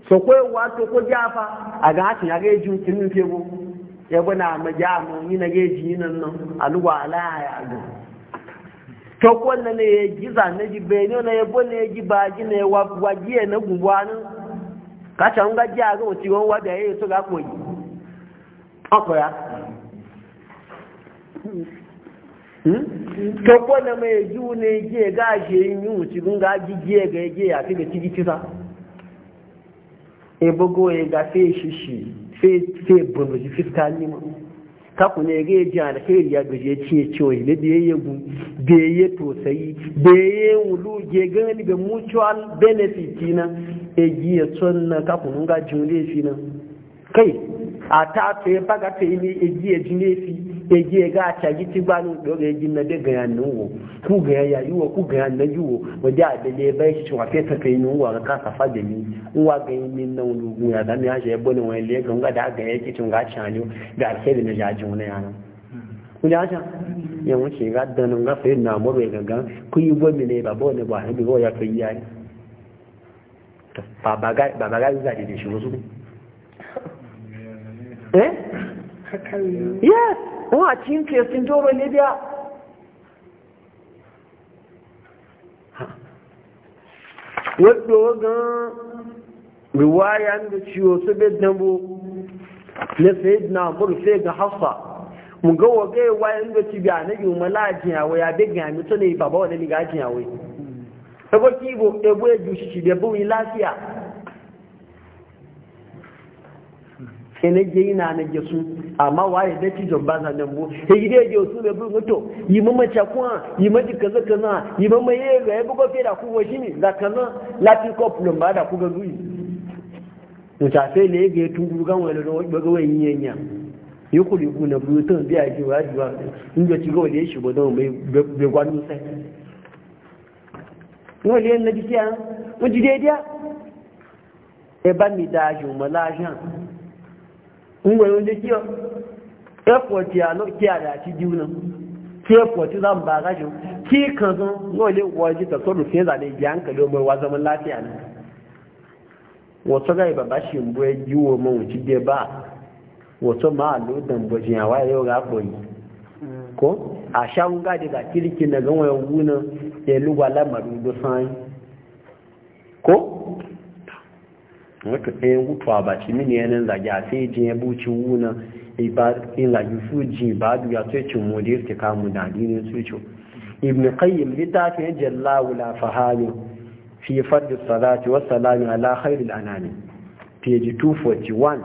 so kwe wato ko jafa a ga hatin ya gaji mutum nufe go ya na ma ahụ ni na gaji yi nan nan aluwa alaya ya ga to na ne ya giza na ji na ya bone ya ji baji na ya na gubwanin kacha nga a ga wuce ya ga ya to ne ga ga ji ya ebogo ya ga fe shishi fe bunduji fiskal ne mu kaku ne ga ji a alheri ya gaje ce cewa ne da ye gu da to sai de ye wulu ge ni be mutual benefit na e gi ya tsonna kaku nga ji jumle fi na kai a ta ta ya baga ta yi e ji ya ne fi eji ga ta giti gbanu do ga eji na de ga wo ku ga ya wo ku ga na yuwo waja da le bai shi wa fe ta kai nuwo ga ka fa de uwa ga min na lugu ya da ni ha je bone wai le ga da ga yake tun ga chanu ga ke ne ja jun ne yana ku ja ta ce ga da nan ga fe na mo be ga ga ku yi bone ne ba bone ba ne ba ya kai yayi baba ga baba ga za da shi wasu eh yes wọ́n àti ń kè sí jọ́rọ̀ ilé bí a wọ́n tó gan riwaya ń da ciwo su bai dambo na sayid na burfe ga hafsa mu ga waga ya ń da ci biya a jiyawa ya bai ya enege ina na gesu amma waye da ci jobba za nan mu he gide je su be bu muto yi mama cha kwa yi maji kaza kaza yi mama ye ga bu ko fera ku woshi shimi za kaza la ti ko problem ba da ku ga duyi to ta sai ne ge tunguru gan wala do ba ga wayin yenya yi ku ri na bu to biya ji wa ji wa in ga ci ga wale shi bodo mai be gwanu sai wale na ji kiya mu ji dai dia e ba mi da ju malajan ngwe onde kio effort ya no kia da ti diuna ki effort za mu ba gajo ki kan zo no le waji ta toru fe za da ji hankali mai wa zaman lafiya ne wato ga e baba shi mbo e jiwo mu ci de ba wato ma lo dan boji ya wa e yau ga koyi ko a shawun ga daga kirki na ganwa yawunan e ya lugwa lamarin dusan ko wata ɗaya gutuwa ba ci mini yanin zage a sai jin ya buci wuna in zage su ji ba a duya sai cin mu da yake kamu da adinin su ce ibn qayyim littafi ya jalla wula fahami fi fadda salati wa salami ala khairul anani page 241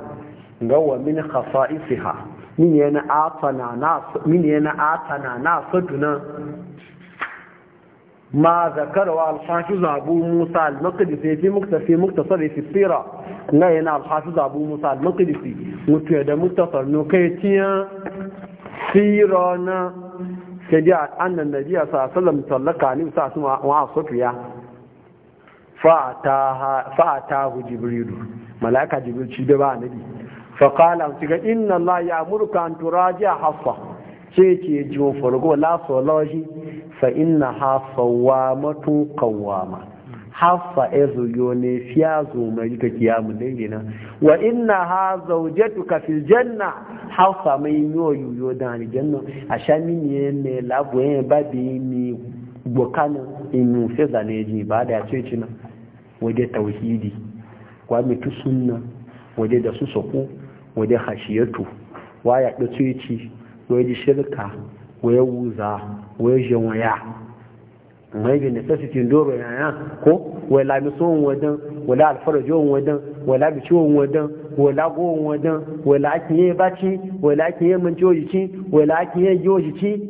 ga wa min khasa'isiha min yana atana na min yana atana na saduna ما ذكره الحافظ أبو موسى المقدسي في في مقتصر في السيرة هنا الحافظ أبو موسى المقدسي متعد مقتصر نكيتيا سيرنا سجاء أن النبي صلى الله عليه وسلم تلقى عليه وسلم وعن صفية فأتاه جبريل ملائكة جبريل شبه النبي فقال إن الله يأمرك أن تراجع حصة شيء يجون فرقه لا صلاة fa inna hafa wa matu kawama hafa ya zuyo ne fiya zo mai ka kiyamu daidai na wa inna ha zaujatu ka fil janna hafa mai yo yuyo da ni janna a sha min ne labu e ba bi ni inu fe zane ji ba da ya ce na waje tauhidi wa mitu sunna waje da su soko waje hashiyatu wa ya da ci waje shirka waya wuza wai je waya mai bi necessity doro ya ko wala mi son wadan wala alfarajo wadan wala bi ciwon wadan wala gowon wadan wala ba baci wala kiye mun joji ci wala kiye joji ci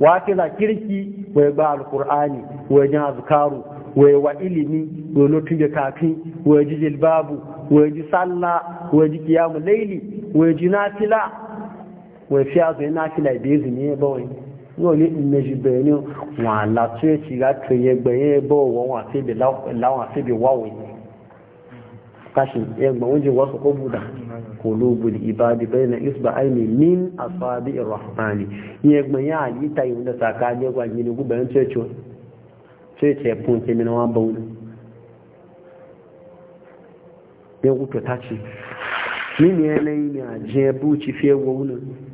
wa la kirki wai ba alqur'ani wai jan azkaru wai wa ilimi wai no da kafi wai ji babu, wai ji sallah wai ji qiyamul layli wai ji nafila wai fiya zai nafila bi izni ba wai lóòlé ìmẹ̀jìbẹ̀rẹ̀ ní wọn àlàtú ẹ̀tì láti ẹgbẹ̀rẹ̀ bọ́ wọn àfẹ́bẹ̀ láwọn àfẹ́bẹ̀ wáwẹ̀ káṣí ẹgbẹ̀rẹ̀ oúnjẹ wọ́n sọ kó búdà kò ló bùdì ìbádi bẹ́ẹ̀ na isba aini min ní ẹgbẹ̀rẹ̀ àyíta ìwọ̀n dẹ̀sà ká na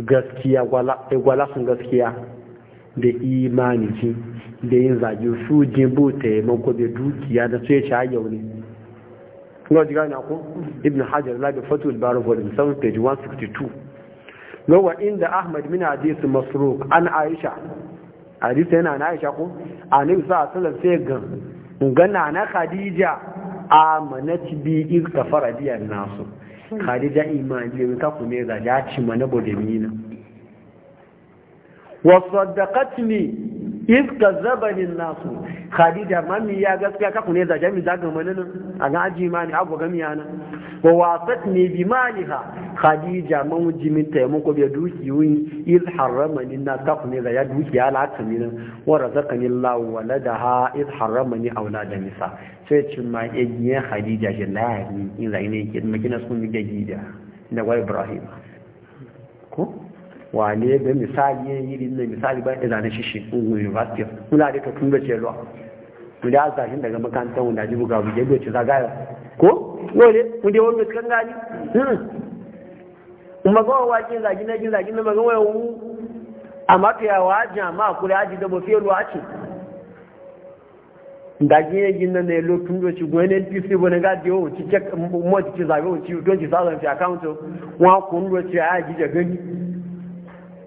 gaskiya eh, gwala sun gaskiya da imani ci da yin zage su jimbo taimako da dukiya da su ya ci hanyar ne ga jiga na ku ibn hajar labi fatul baru volume 7 page 162 lowa inda ahmad min hadith masruq an aisha hadith yana na aisha ko annabi sallallahu alaihi wasallam sai ga gana na khadija amanat bi iz kafara nasu khadija imani ne ka kuma ga ya ci mana bodemina wa saddaqatni iska zabanin nasu khadija mi ya gaskiya kaku ne zaje mi zaga manin a ga aji ni abu ga mi yana wa wasat ne bi maliha khadija man jimin ta yamko bi duki yun iz haramani na kaku ne zaje duki ala tamin wa razaqani allah waladaha iz haramani aulada nisa sai cin ma egiye khadija je la ni in zaine ke makina sun mi gajiya, da wa ibrahim ko wane da misali ya yi rinne misali ba ya zane shishi ungun university kula da ka tun da ce ruwa mu da hasashen daga makarantar wanda ji buga buge da ce zagaya ko wale mu dai wani kan gani hmm. kuma ga wa kin zagi na kin zagi na magan wayan wu amma to wa jama'a kula aji da bofe ruwa ce da ne gin nan ne lo tun do ci gwene NPC bo ne ga di o ci cek mo ci zabe o don ci sa zan fi account wa kun do ci aji da gani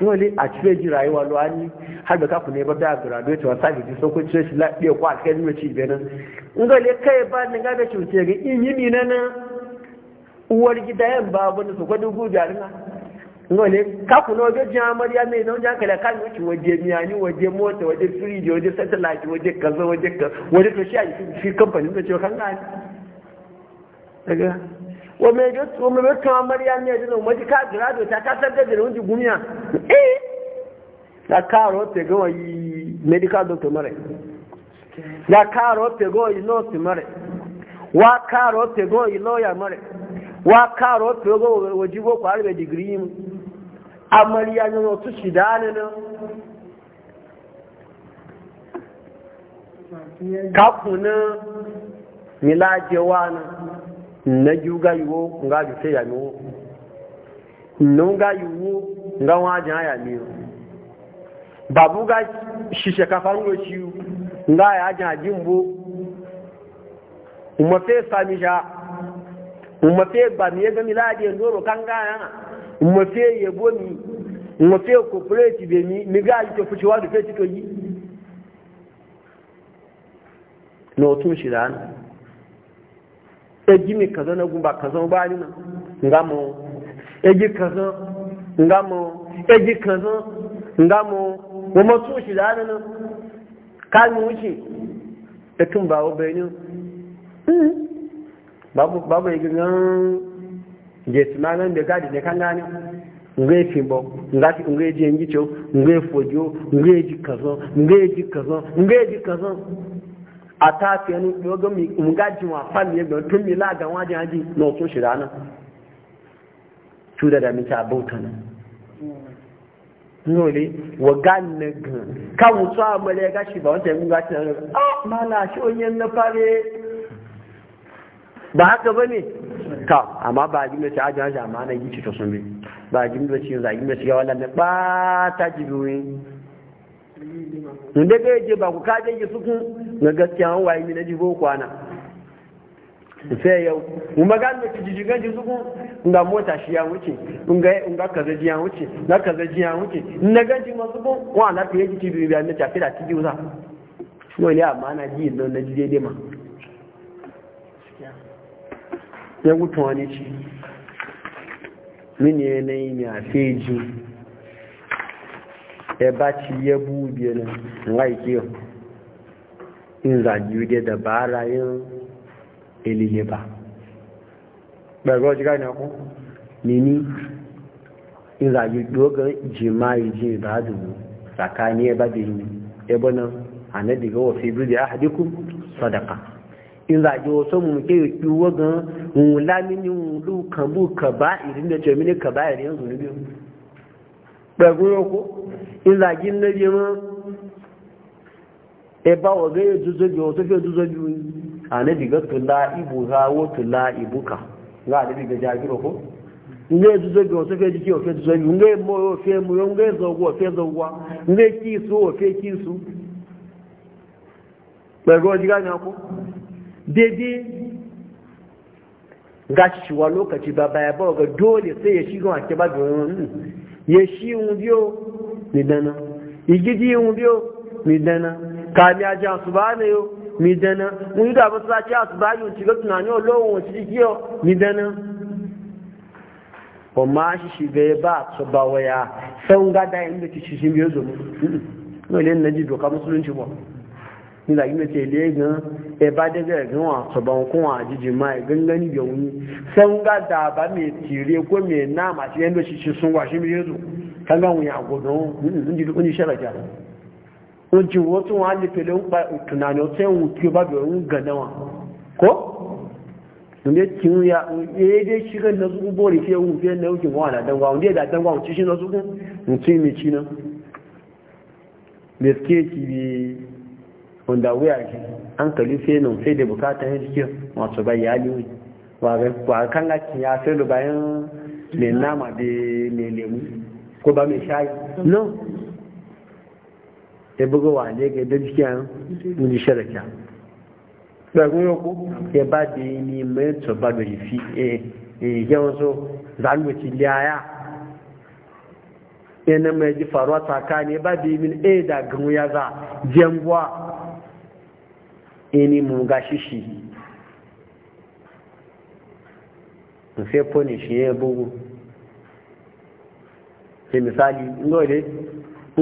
wani a cire ji rayuwa luwani har da kaku ne ba da graduate wasa gidi so ko cire shi lafiya ko alkhairi ne ci benin in kai ba ni ga da cuce ga in yi ni nan uwar gida yan ba ji su kwadu gu na in ga le kaku no ga ji amarya mai nan ja kala kan wuce waje miyani waje a shi wọ́n mẹ́rin kan mọ́ríyá ní ẹ̀dínà wọ́n ti ká gírádò tí a ká sẹ́gbẹ̀dẹ̀ ló ń gúnmíà medical doctor mọ́rẹ̀ lákàárọ̀ tẹ̀gọ́ yìí nọ́ọ̀sì mọ́rẹ̀ wá kàárọ̀ mu amọ́ríyá ní wọ́n tún ṣì dáánì náà kákùn náà na juga nga ju ya mi wo no nga ya mi babuga babu ga shishe ka faru lo ci nga ya ja jimbo umma fe sami ba mi ga mi ndoro kanga ya umma fe yebo mi umma fe corporate be mi mi ga to fuci yi no tun shi eji mi kaza na gumba kaza ba ni na Nga ngamo eji kaza ngamo eji Nga ngamo wo mo tun shi da na ka mi wuce e tun ba wo be ni hmm. babu babu yi e gan je ti ma gan de gadi de kan gani nge fimbo ngati nge je ngicho nge fojo nge ji kaza nge ji kaza nge ji kaza a ta fi yanu yoga mu gajin wa fan ne ga tun mila ga wajen haji na wasu shira da wa ka a mala ya gashi ba wata yin na ah mala shi na ba haka ba ne ta amma ba a gimda ci ajiyar amma na yi sun bi ba a ci na gaskiya an waye na jibo kwana sai yau mun ba gano ki jijigan ji zugun nga mota shi ya wuce nga nga ji ya wuce na ji ya wuce na ganji ma zugun wa na ji tibi biya na tafi da tibi uza no ne amma na ji na ji daidai ma ya wuce wani ci min ne ne a feji e ba ci ya bu biya na ngai kiyo in zagi da dabara yin ilile ba ɓargo ji ni, ku nini in zagi dogon jima'i ji ba dubu tsakani ni ba da yi ebonan a na diga wa fi biyu da ahadiku sadaka in zagi wasu mu ke yi kiwo gan wula mini wulu kan bu ka ba irin da ce mini ka ba irin yanzu ne biyu ɓargo yau ku in zagi na biyu e ba wa ga ya juzo biyu wata fiye juzo biyu a na diga tula ibu ha wo tula ibu ka ga da diga jagiro ko nga yi juzo biyu wata fiye jiki wa fiye juzo biyu nga ya moyo wa fiye moyo nga ya zogo wa fiye wa, nga yi kisu wa fiye kisu ɓargo wa jiga ne ko daidai ga shiwa lokaci ba baya ba ga dole sai ya shiga wake ba domin ya shi un biyo ni dana igidi un biyo ni dana kami a ji asu ba ne yo mi dana mun yi da ba su za asu ba yi shiga tunani o lowon wasu jiki yo mi dana o ma shi shiga ya ba su ba waya sai ga da inda ci shi biyo zo no le na ji doka musulunci ba ni da yin ce le gan e ba da ga gan wa so ban kun wa jiji mai e gangani ga wuni sai ga da ba me tire ko me nama ci inda shi shi sun wa shi biyo zo kan ga wuni a godon mun ji duk ni sharaka ojú wọ́n tún wọ́n á lè pèlè ń pa ìtùnàní ọ̀tẹ́ òun tí ó bá ya yi dai wọn kó ndé tí ya èdè ṣíkẹ́ lọ́sùkú bóòlì fi ohun fi ẹ̀nà òjò wọn àdàdànwà òun dé ìdàdànwà òun tíṣí lọ́sùkú òun tí bi ondawé àjẹ hankali fi ẹnu fi dé bukata ẹ̀ jíjẹ wọn sọ bá yà á léwu wà á kán láti yà á fẹ́ lọ bá yẹn lè náà mà dé lè lè ya buga wane ga yadda jikiyan ni sharaka ɗagun yau ya ba da yi ni mai tsoba da rifi eh, eh, yawon so zanwaci liyaya yana mai ji faruwa tsakani ya ba da yi min a eh, da ganu ya za jembuwa ini mu ga shishi sai shi ya bugu ke misali ngode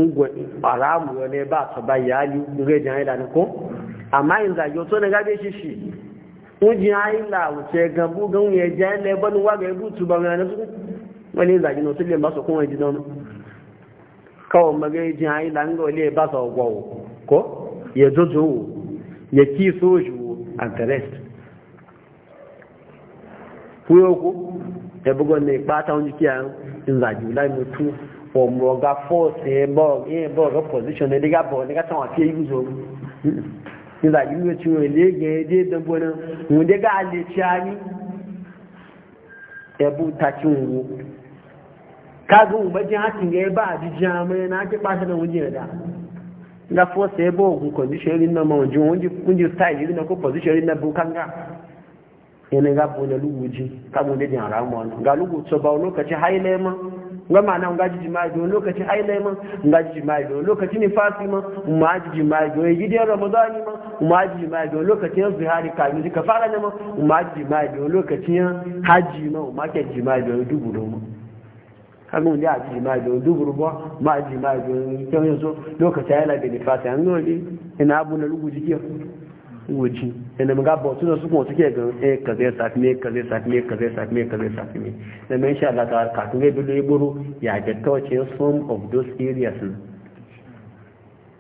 ngwe haramu ebe ne ba ya ba yali ngwe jan ila amaghị amma in ụtọ na to ne gabe shi shi uji ayi la wuce gabu gan ye jan le ga na su wani za no tule ba so kun wa jidon kawo magai jan anyị la ngo le ba so gwo ko ye jojo ya ki soju and the ko e bugo ne pata onji kiyan in za ju omroga force ebo ebo ro position diga diga yuzo ga le chani ebu ta ti wu ka go mu je ha ti ge ba di jama na ti pa se na wuje da nga force ebo ogun condition na mo ju won ji na ko position ri na bu kanga ene ga bo na luguji ka mo de di ara mo ga lugu lokaci nga mana nga ji jima'i don lokacin aile man nga ji jima'i don lokacin nifasi man ma ji jima'i don gidan ramadani man ma ji jima'i don lokacin zihari kanu ka fara ne man ma ji jima'i don lokacin haji ma ma ke jima'i don dubu don man kaga wanda ya ji jima'i don dubu ba ma ji jima'i don kyau yanzu lokacin aile da nifasi an yi ina abu na lugu jikin wuce inda muka ba tuna su kuma suke gan ya eh, ka zai saki ne ka zai saki ne ka zai saki ne ka zai saki ne da mai insha Allah ta ka tun ga buru ya ga wace some of those areas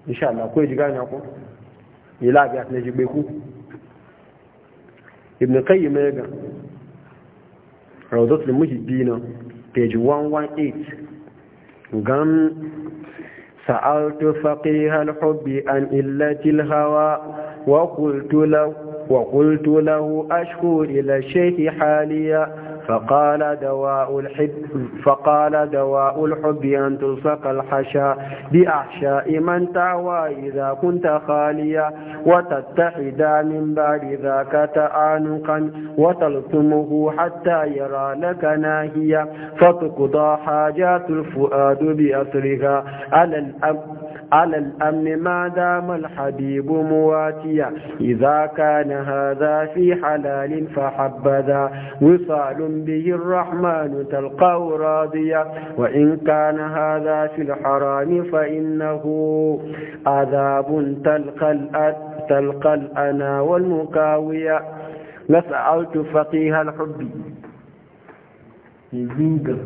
insha Allah ko ji gani ko yi lafiya ne ji gbe ku ibn qayyim ya ga rawdatul muhibbin page 118 gan سألت فقيه الحب an illa الهوى وقلت له وقلت له أشكو إلى الشيخ حاليا فقال دواء الحب فقال دواء الحب أن تلصق الحشا بأحشاء من تعوى إذا كنت خاليا وتتحدى من بعد ذاك تعانقا وتلطمه حتى يرى لك ناهيا فتقضى حاجات الفؤاد بأسرها على الأب على الأمن ما دام الحبيب مواتيا إذا كان هذا في حلال فحبذا وصال به الرحمن تلقاه راضيا وإن كان هذا في الحرام فإنه عذاب تلقى تلقى الأنا والمكاوية نسألت فقيه الحب يجوغا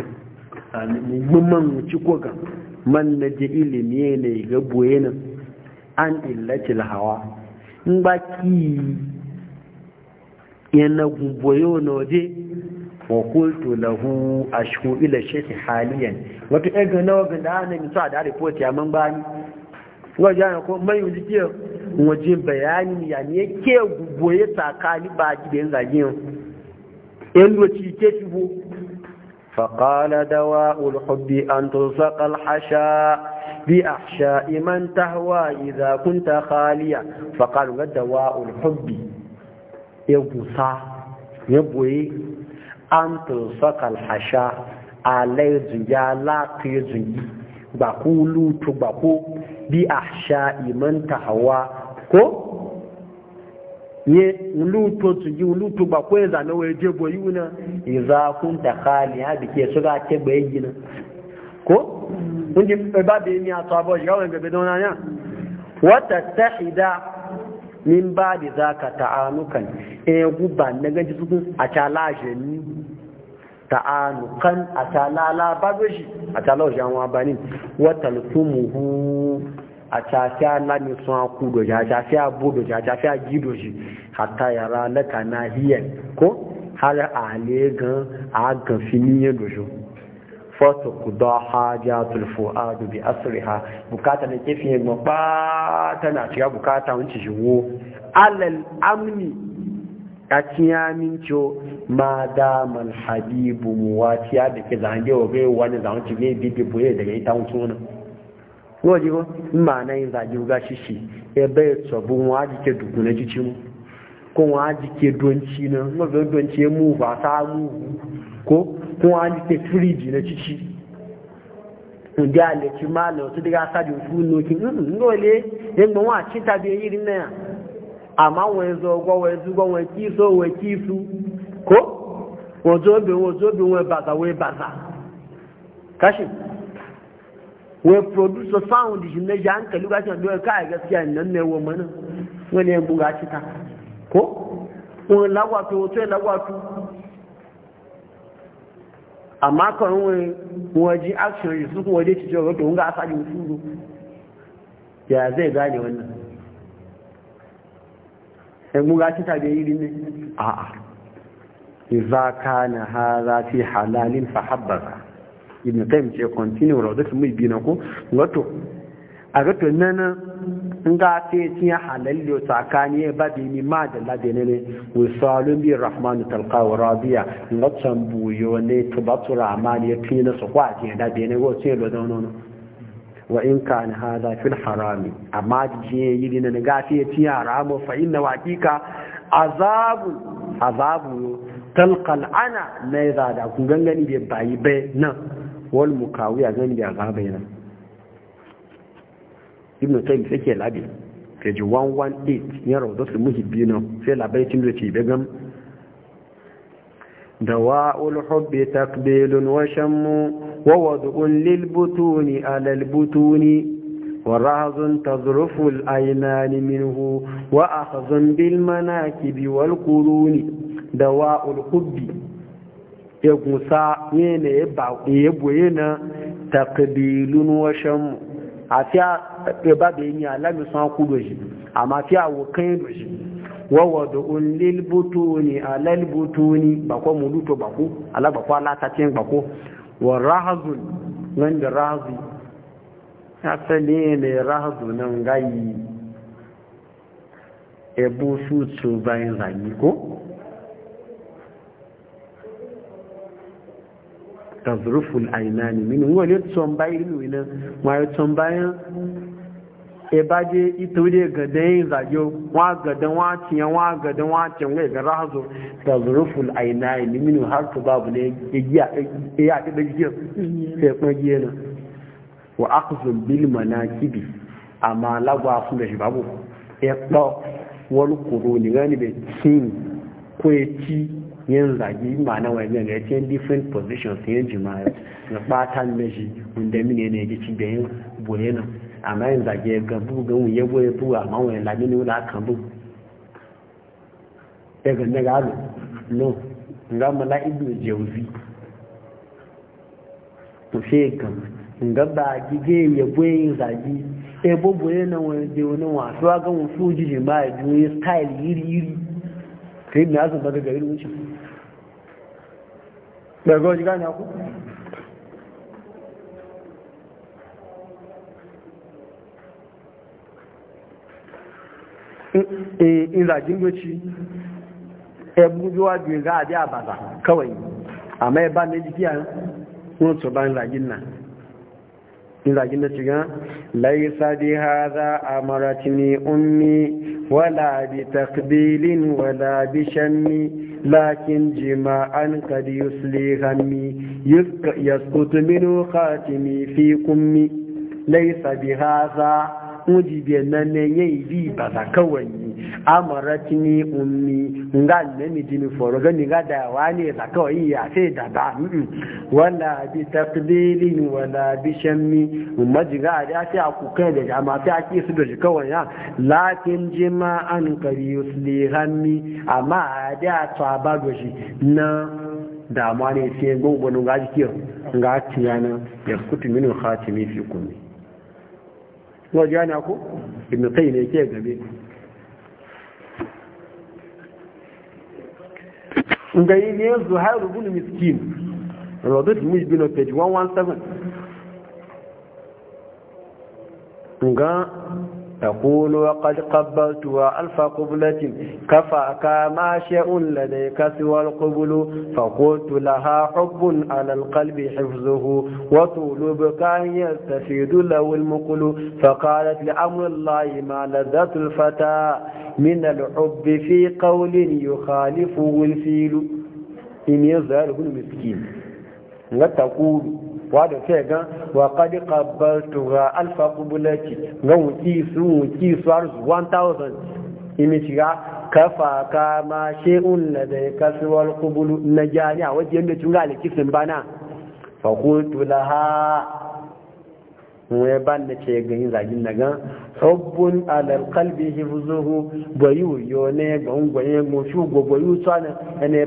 يجمم تشكوغا man na ji ilimi ne ga boyenin an illatil hawa in ba ki yana gumboyo na waje wa kultu lahu ashku ila shaykh haliyan wato ɗan na nawa da ana misa da report ya man bani wajen jana ko mai yuji ke waje bayani ya ne ke gumboye tsakani ba gidan zagin yan lokaci ke shigo فقال دواء الحب أن تلصق الحشاء بأحشاء من تهوى إذا كنت خاليا فقالوا دواء الحب يبصى يبوي أن تلصق الحشاء على زنجا لا تزنجي بقولوا تبقوا بأحشاء من تهوى كو ye luto su ji luto ba ko za na waye je boyi wuna kun da khali ha bike su ga ke boyi gina ko kun ji e ba be mi a tabo ga wani be dona ya wa tatahida min ba da zaka ta'anukan e guba na ganji su a tala ni ta'anukan a tala la ba shi a tala wajen wa banin wa talfumuhu a tafi alami sun haku doji a tafi abu doji a tafi agi doji hatta yara laka na hiyar ko har a legan a gafi niyan doji fọ́tò kùdọ́ hajjá tulfo adu bi asiri ha bukata na kefi egbon pàtà na shiga bukata wọn ci shiwo alal amni a kiyamin ciyo ma da man habibu muwatiya da ke zange wa bai wani zaunci ne bibi boye daga ita wuce wani waje ba ma na yin zage ga shishi ya bai tsabu wa jike duku na cici mu ko wa jike donci na mafi donci ya mu ba ta mu ko ko wa jike firiji na cici ndi aleki ma na otu daga asadi ofu n'oki mm, ngole ya gbe nwa chita eyiri e yiri na ya ama wee zo ọgwọ wee zugwọ wee kiso wee kisu ko wozobe wozobe wee baza wee baza kashi wai producer sound shi na shi hankali ga shi wani kai gaskiya nan ne wa mana wani ya buga shi ta ko wani lagwato wato ya lagwato amma kan wani waje action shi su waje ci cewa wato wunga asa yi usuru ya zai gane wannan ya buga shi ta bai yi ne a'a idza kana hadha fi halalin fahabbaka ibn qayyim ce continue rawdatu mai bina ko wato a ga to nan in ga ce ci halalli o tsakani ba bi ni ma da lade ne wa salun bi rahmanu talqa wa radiya ga can buyo ne to ba tura amani ya tina su kwa je da bi ne go ce lo da nono wa in kana hadha fil harami amma je yi ne ga ce ci haramu fa inna waqiqa azabu azabu talqa al'ana na ya da kun gangani bai bayi bai nan wal mukawiya zan da azaba yana ibn tayyib sake labi page 118 ya rawda su muhibbi nan sai labaitin da ci daga دواء الحب تقبيل وشم ووضع للبطون على البطون ورهض تظرف الأيمان منه وأخذ بالمناكب والقرون دواء الحب egusa yana ya boye na wa sham a fiya ba ala mi alamisan ku doji amma fiya do doji wa da unlil butuni alal butuni bako ba ko ala tin ba ko wa rahazun wanda rahazu asali ne rahzun nan gayi ebu su bayan zanyi ko tazruful ainani mini wani ya tsomba irin wina ya tsomba ya e ba je ita wuri ga dayin zagiyo wa ga dan wace ya wa ga dan wace wai ga rahazo tazruful ainani mini har to babu ne ya ya ta da giyo sai kuma giyo na wa akhzul bil manakibi amma lagwa sun da shi babu ya ɗau wani yin zagi na wajen ya ce different positions yin jima'a na fatan meji wanda mine ne ya ci bayan boye nan amma yin zagi ga gabu ga wuye boye bu amma wani lamini wula kan bu ya ga na no nga mala ibu jauzi to sai kan nga ba gige ya boye yin zagi ya bo boye nan wani je wani wasu ga wani fuji jima'a juyi style yiri yiri sai na su daga garin wucin daga wajen gane ku eh, in zagin doci ẹgbùjọwà gbìyànjú àdí àbàbà kawai a mai ba na jikiya wọn tó bá ń zagin da shiga laisa bi hadha amaratni ummi wala bi takbilin wala bi shammi lakin jima'an kad yusli ghammi yasqutu minhu khatimi fi kummi laisa bi hadha biyan na ne ya yi bi ba za kawai amarati ni ummi nga nemi dimi foro gani ga da wani za kawai ya sai da ba wala bi taqdilin wala bi shammi umaji ga da sai aku kai da jama sai ake su da kawai ya lakin jima an kari yusli hammi amma da a ba goshi na damuwa ne sai gungunan ga jikin ga tiyanan ya kutu minu khatimi fi kumi yau ku ibn kai ne ke gabe ngayi ne har ibn miskin radat mujbin page 117 ga تقول وقد قبلتها ألف قبلة كفاك كما شاء لديك سوى القبل فقلت لها حب على القلب حفظه وطول بكاه يستفيد له المقل فقالت لأمر الله ما لذة الفتى من الحب في قول يخالفه الفيل إن يظهر لا وتقول wadda ta gan wa kadi kabaltu ga alfa kubulaki ga wuki su wuki su har 1000 imi shiga kafa kama she'un na da ya kasuwar kubulu na jani a wajen da cin ga alikisin bana fakultu laha wai ban da ce gani zagin daga hubbun alal kalbi hifzuhu bayu yo e e eh? e ne ga ungwaye mo shu go bayu ga ne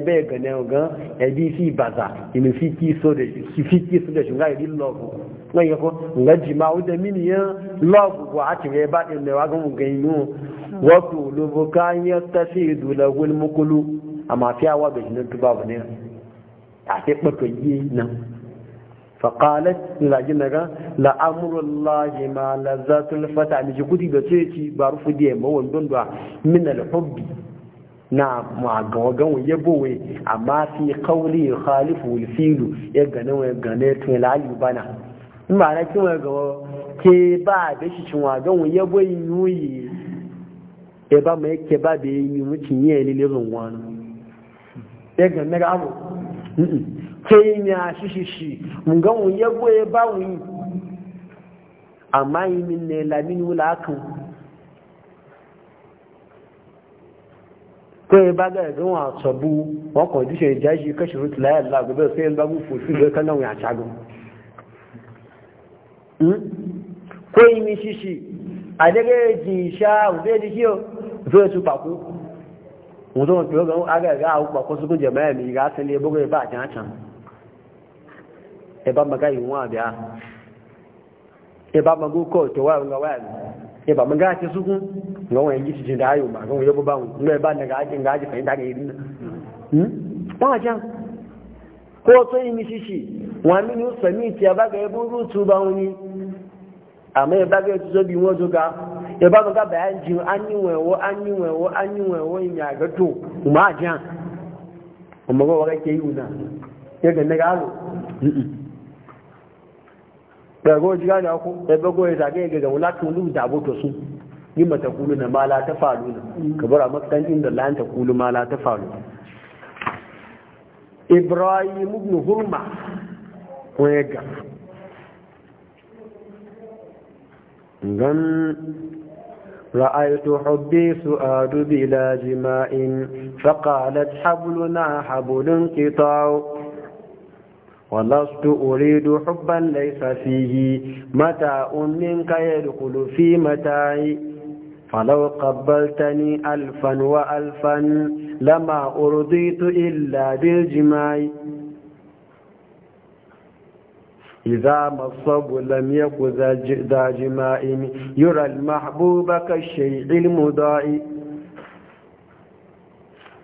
ga abc baza in fiki so da fiki so da shunga yi love na yako ngaji ma uda mini ya love wa ati ga ba din ne wa ga mun ga yinu wa qulubu kan yastafidu lahu almuqlu wa ga jinin tuba wani a sai kwato yi nan فقالت ma نغا لامر الله ما لذات الفتى مجي كودي بتيتي بارف دي ما وندون من الحب na magawagan yabowe amma fi kauli khalifu filu ya gane wa gane tun lalu bana in ma na kin ga ke ba da shi cin wagan yabo yuyi e ba mai ke ba da yi mucin yi ne lezon wani ya gane ga abu kenya shishishi nga mu yagwe ba wi amma yi min ne lamini wula akan. ko ya ba ga ga wa sabu wa ko dishe jaji kashi rut la yalla ga ba sai ba mu fushi ga kan nan ya tagu hmm? ko yi mi shishi a daga ji sha ube di kiyo zo su ba ku mu zo mu ga ga ga ku ba su kun jama'a mi ga sai ne bugo ba a can eba maga yi nwa bịa eba maga oke otu wa nga waya hmm? maga ake sukun nga wani da ti ya baga ebe rutu ba wani amma ya baga yato zobi nwa zoga daga jiga da bago ya zagaye ga gamu latin lu da aboto su yi mata kulu na mala ta falu na ka inda ta kulu mala ta falu ibrahim ibn hurma wega ngan رأيت حبي سؤاد بلا جماء فقالت حبلنا حبل انقطاع ولست أريد حبا ليس فيه متاع منك يدخل في متاعي فلو قبلتني ألفا وألفا لما أرضيت إلا بالجماع إذا ما الصب لم يكن ذا جماع يرى المحبوب كالشيء المضائي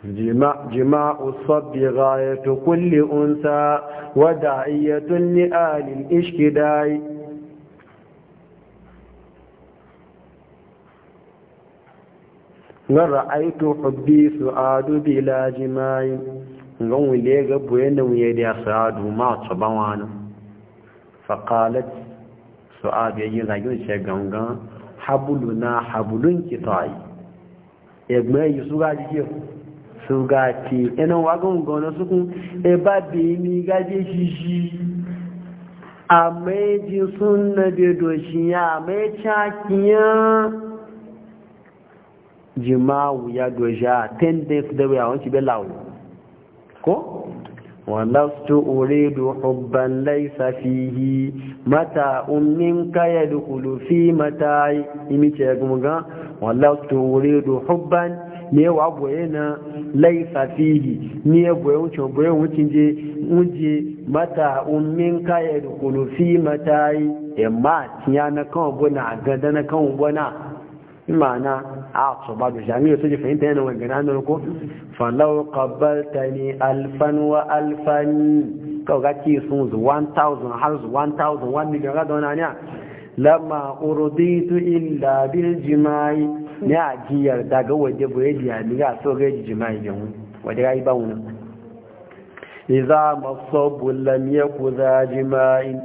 جماع الصب غاية كل أنثى وداعية لآل الإشكداي ورأيت حبي سعاد بلا جماع ngon wile ga boye da wuye da sa'adu ma tsaban wani faqalat su'ad yayin zagin shi gangan habuluna habulun kitai egbe yusu ga jike suga ti ina wagon gona sukun e ba bi ni gaje shishi a mai ji sunna bi doshi ya mai cakiya jima'u ya doja ten days da wuya wanci be lawo ko walastu uridu hubban laysa fihi mata ummin ka yadkhulu fi mata imice gumuga walastu uridu hubban Ni ye wa boye na laifa fihi ne boye wuce boye wuce je wuje mata ummin kaya da fi mata yi yamma tiya na kan buna gada na kan ma na, a su ba da jami'a su ji fahimta yana wani gana ko falau kabbalta ne alfan wa alfan kawai gaci sun zu 1000 har zu million ka dɔn na wani aniya lama uruditu illa bil jima'i ni a ji yarda ga waje buredi ya ni ga so gaji jima'i yin wadda ya yi ba wuna iza masabu ya ku za jima'in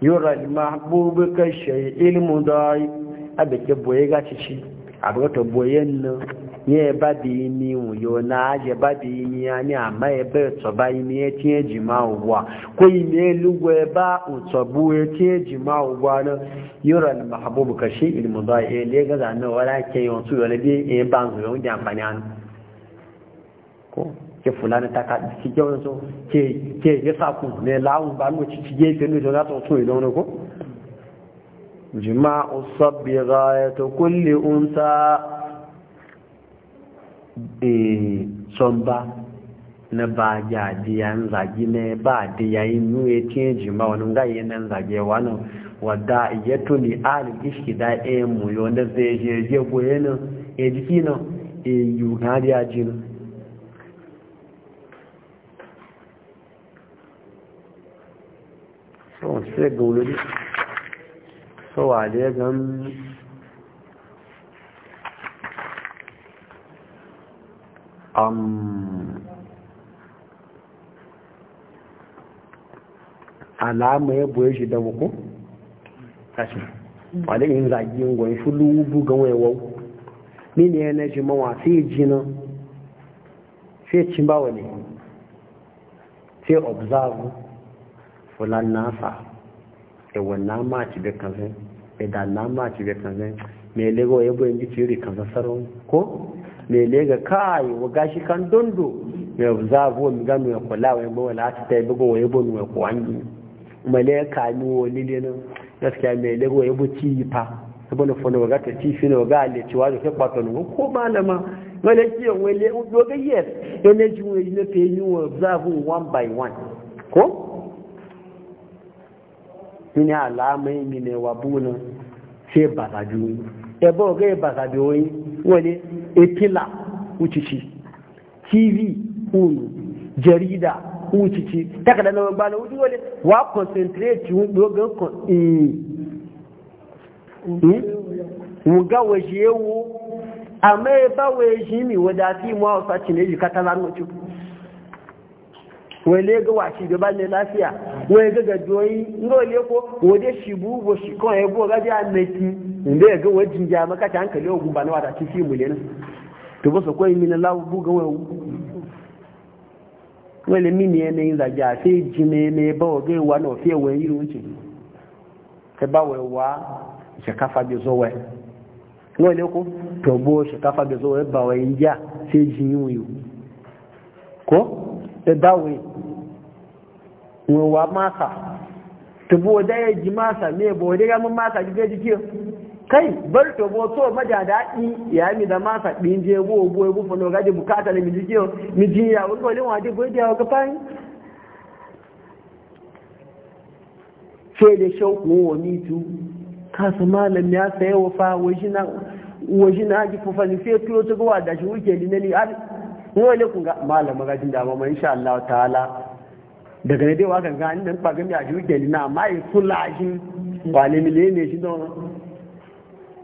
yura mahbubu ka shay'il mudai abike buye ga ci abu to buye nan ye ba da imi wuyo na aje ba da imi ya ni amma ya bai tsoba imi ya tinye jima ugwa ko imi ya lugu ya ba utsobu ya tinye jima na yura ni mahabubu ka shi ilmu da ya le ga zana wala ke yi wasu yola bi ya ba su yawon amfani hannu ko ke fulani ta ka ci ke wani so ke ya sa ku ne la'un ba mu ci ci gefe ne to za ta wasu idan ko jima'u sabbi ghayatu kulli unsa tsomba e, na ba ya diya zagi ne ba diya yi nuye tiye jima wani ga yi nan zage wani wadda iya tuni alin ishi da e mu yi wanda zai je je goye nan e jiki nan e yi na diya ji nan e so sai ga wulori so wa dai gan alama ya boye shi da buku tashi wadda yin zagi yin gwani shi lubu ga waiwau ni ne yana shi mawa sai jina sai cin bawa wani, sai observe fulan nasa ewa na maci da kanzan da na maci da kanzan mai lagos ya boye ji ciri kanzan sarau ko mele ga kai wa gashi kan dondo ya zabo mi ga mi kula wa yabo la ta tayi bugo wa yabo mi ko wangi mele ka ni wo lile no gaskiya mele go yabo ci yi fa saboda fono ga ta ci fino ga le ci wa ke kwato no ko malama mele ki on wele u do ga yes to ne ji wo ne pe ni wo zabo one by one ko ni alamai mi ne wa buna sai basaju ebo ga basaju yin wale epila wucici tv unu jarida wucici takardar na gbana wuci wale wa concentrate wun dogon kan wuga waje yawo amma ya ba waje shi mi wadafi ma wasa cine jika ta zanuci wele ga washi da ba ne lafiya wele ga gajoyi ngole ko wode shi bubo shi kan ya bo gaji annaki inda ya ga wajen ya maka ta hankali wa gumba na wata ci fi miliyan to ba su kwai mina lawo buga wa wale mini yana yin zage a sai ji ne ne ba wa gai wa na ofe wa yi wuce ka ba wa wa shakafa bai zo wai wale ko to bo shakafa bai zo wai ba wa yin ja sai ji yi wuyu ko e ba wa wa masa to bo da ya ji masa ne bo da ya mun masa ji ga jike kai bar to bo so maja daɗi ya mi da ma saɓi je bo bo bo fulo gaji bukata ne mi ji kiyo mi ji ya wani kolin waje bo da ga fani sai da shauku wa mi tu kasa malam ya sai wa fa wajina wajina ji fa ni sai tuyo to gowa da shi wuke dinali har le ku ga malam magajin da ma insha Allah ta'ala daga ne dai wa ganga ni dan ba mi a ji wuke ni amma mai kula shi ba ne ne shi don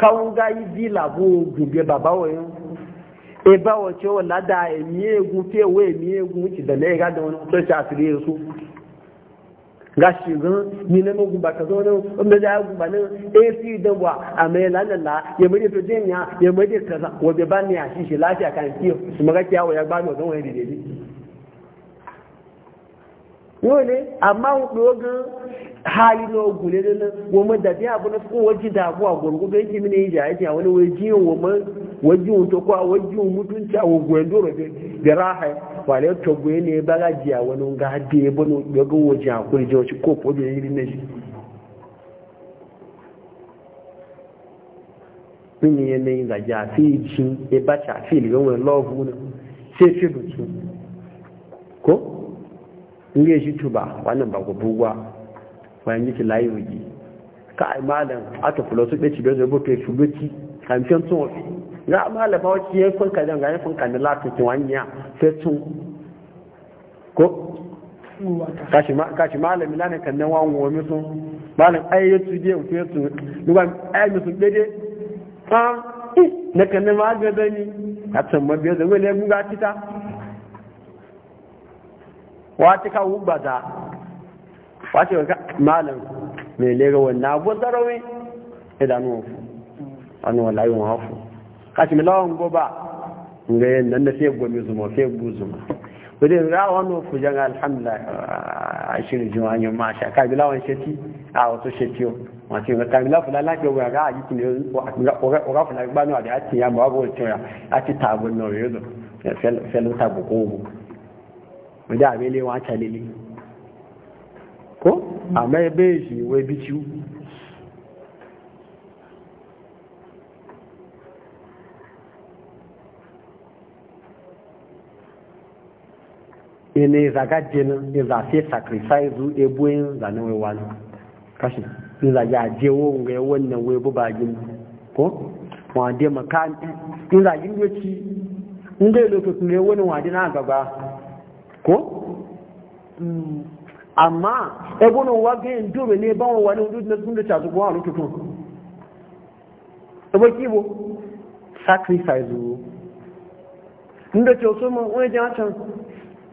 kawunga izi labu gube baba wayo e ba wace wala da emi egun fe we emi egun ti da lega da wani to ta asiri su ga shi gan ni ne mo gumba ka zo ne o me da ba, ne e fi da wa a me la la la ye me to din ya ye me de kaza wo be ban ya shi shi lafiya kan ki su maga kiya wa ya ba no don ni. dede ne amma wo gan hali na ogun ne na wọ́n da àbúrò fún wọ́n jí dàbọ̀ àgbọ̀ngbọ̀n bẹ́ẹ̀ kí mi ní ìjà ẹ̀jẹ̀ àwọn ni wọ́n jí wọn mọ́ wọ́n jí wọn tó kọ́ àwọn jí wọn mú tún tí àwọn ogun ẹ̀dọ́ rẹ̀ bẹ̀rẹ̀ àhà wà ní tọ́gbọ̀n yẹn ní ẹ bá gàjì àwọn ní nga dé ẹ bọ́ ní ọgbọ̀n wọn jì àkórí jẹ́ ọtí kó pọ̀ lórí bayan yake layi wuji ka ai malam aka kula su ɗaci bai zai ke shugaci kamfen tun wafi ga malama wacce ya yi funka jan gani funka na lafikin wanya sai tun ko kashi malami na ne kan nan wani wani sun malam ai ya su biyan fiye su nuwa ai musu ɗade ah na kan nan magazani a can mabiyar zai wani ya muga kita wata kawo ba za wace ga malam mai lega wannan abu zarawi idan wofu anu wallahi mu hafu kashi mi lawan goba ngayen nan da sai gomi zuma sai guzuma wede ra wano fu janga alhamdulillah ashirin juwanyo sha. ka bi lawan sheti a wato shetiyo wato ga kamila fula la ke wa ga yi kine o ga fula gbanu ade ati ya ma go tira ati tabo no yodo fel fel tabo ko mu wede abele wa chalele ko amma ya bai shi wai biciu ene zagajena ezafe sacrifice ebuyin zanen wai wani kashi in zage a jewo ga wannan wai bubagin ko wade makan in zage yoci in dai lokacin ne wani wade na gaba ko amma ebono wa gayin dole ne ban wani hudu na sun da ta zuwa a lokacin ebo kibo sacrifice wo inda ce so mun wani jan can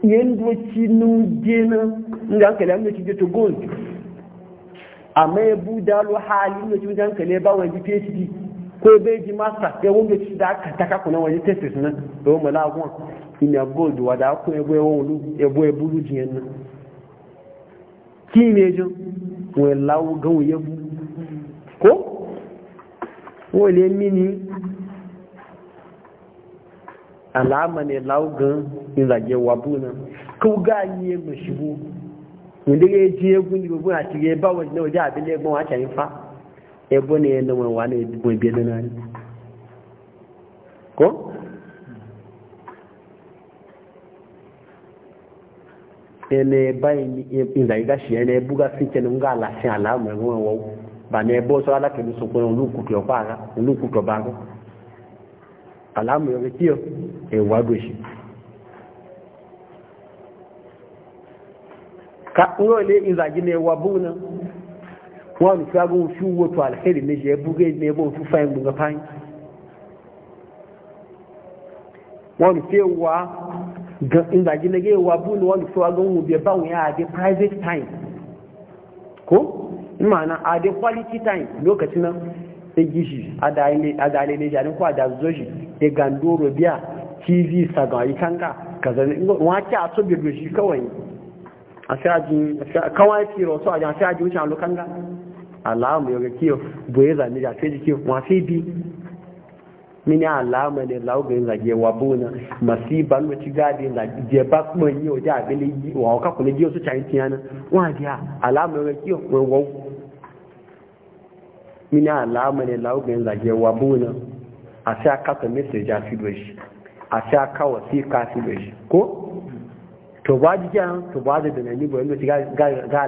yin doki nun gena inda hankali an doki geto gold amma ya da lo hali inda ci jan kale ba wani phd ko bai ji master ya e wanda ci da aka taka kuna wani thesis nan da e wani malagun ina gold wada ko ebo ebo ebo ebo ebo ebo ebo ebo kí ni ejò wọ́n láwọ́ gánwò yẹ́bù kó alama ne láwọ́ gán ìlàjẹ̀ wàbú náà kó gáà yí ẹgbẹ̀ ṣubú ìdílé jí egun ní gbogbo àti ilé báwọn ìdílé ọjọ́ àbílẹ̀ ẹgbọ́n wá ṣàyín fa ẹgbọ́n e ni ẹnu wọn wà ní ìdìbò ìbí ẹnu náà ene bayi inda ga shi ene buga sike ni nga la sin ala mo won wo ba ne bo so ala ke ni so ko lu ku to pa lu ku to ba ko ala mo yo ti e wa do shi ka ngo le inda gi ne wa bu na won fi agun fi wo to alheri ne je buge ne bo fu fa ngu ga pan won fi wa ìgbàjí lẹ́gẹ́ ìwà búlù wọ́n fi wá gánwò bí ẹbá wọ́n yá adé private time ko ìmọ̀nà adé quality time lokacin nan egi shi adalele jani ko adazo shi da gandoro biya tv sagari kanka kazan wace a so birgo shi kawai a shaji kawai tiro so a jan shaji wuce a lokanga alamu yau ga kiyo boye zami da fe jiki wafe bi mini alama ne lauga zage wa bona masiba no ci gadi la je ba kuma yi yi wa ka kuna ji o wa alama ne ki mini alama ne lauga zage wa bona a sai ka ka message a fido shi a sai ka wasiƙa fido shi ko to ba ji kan to ba da da ni ba wanda ga ga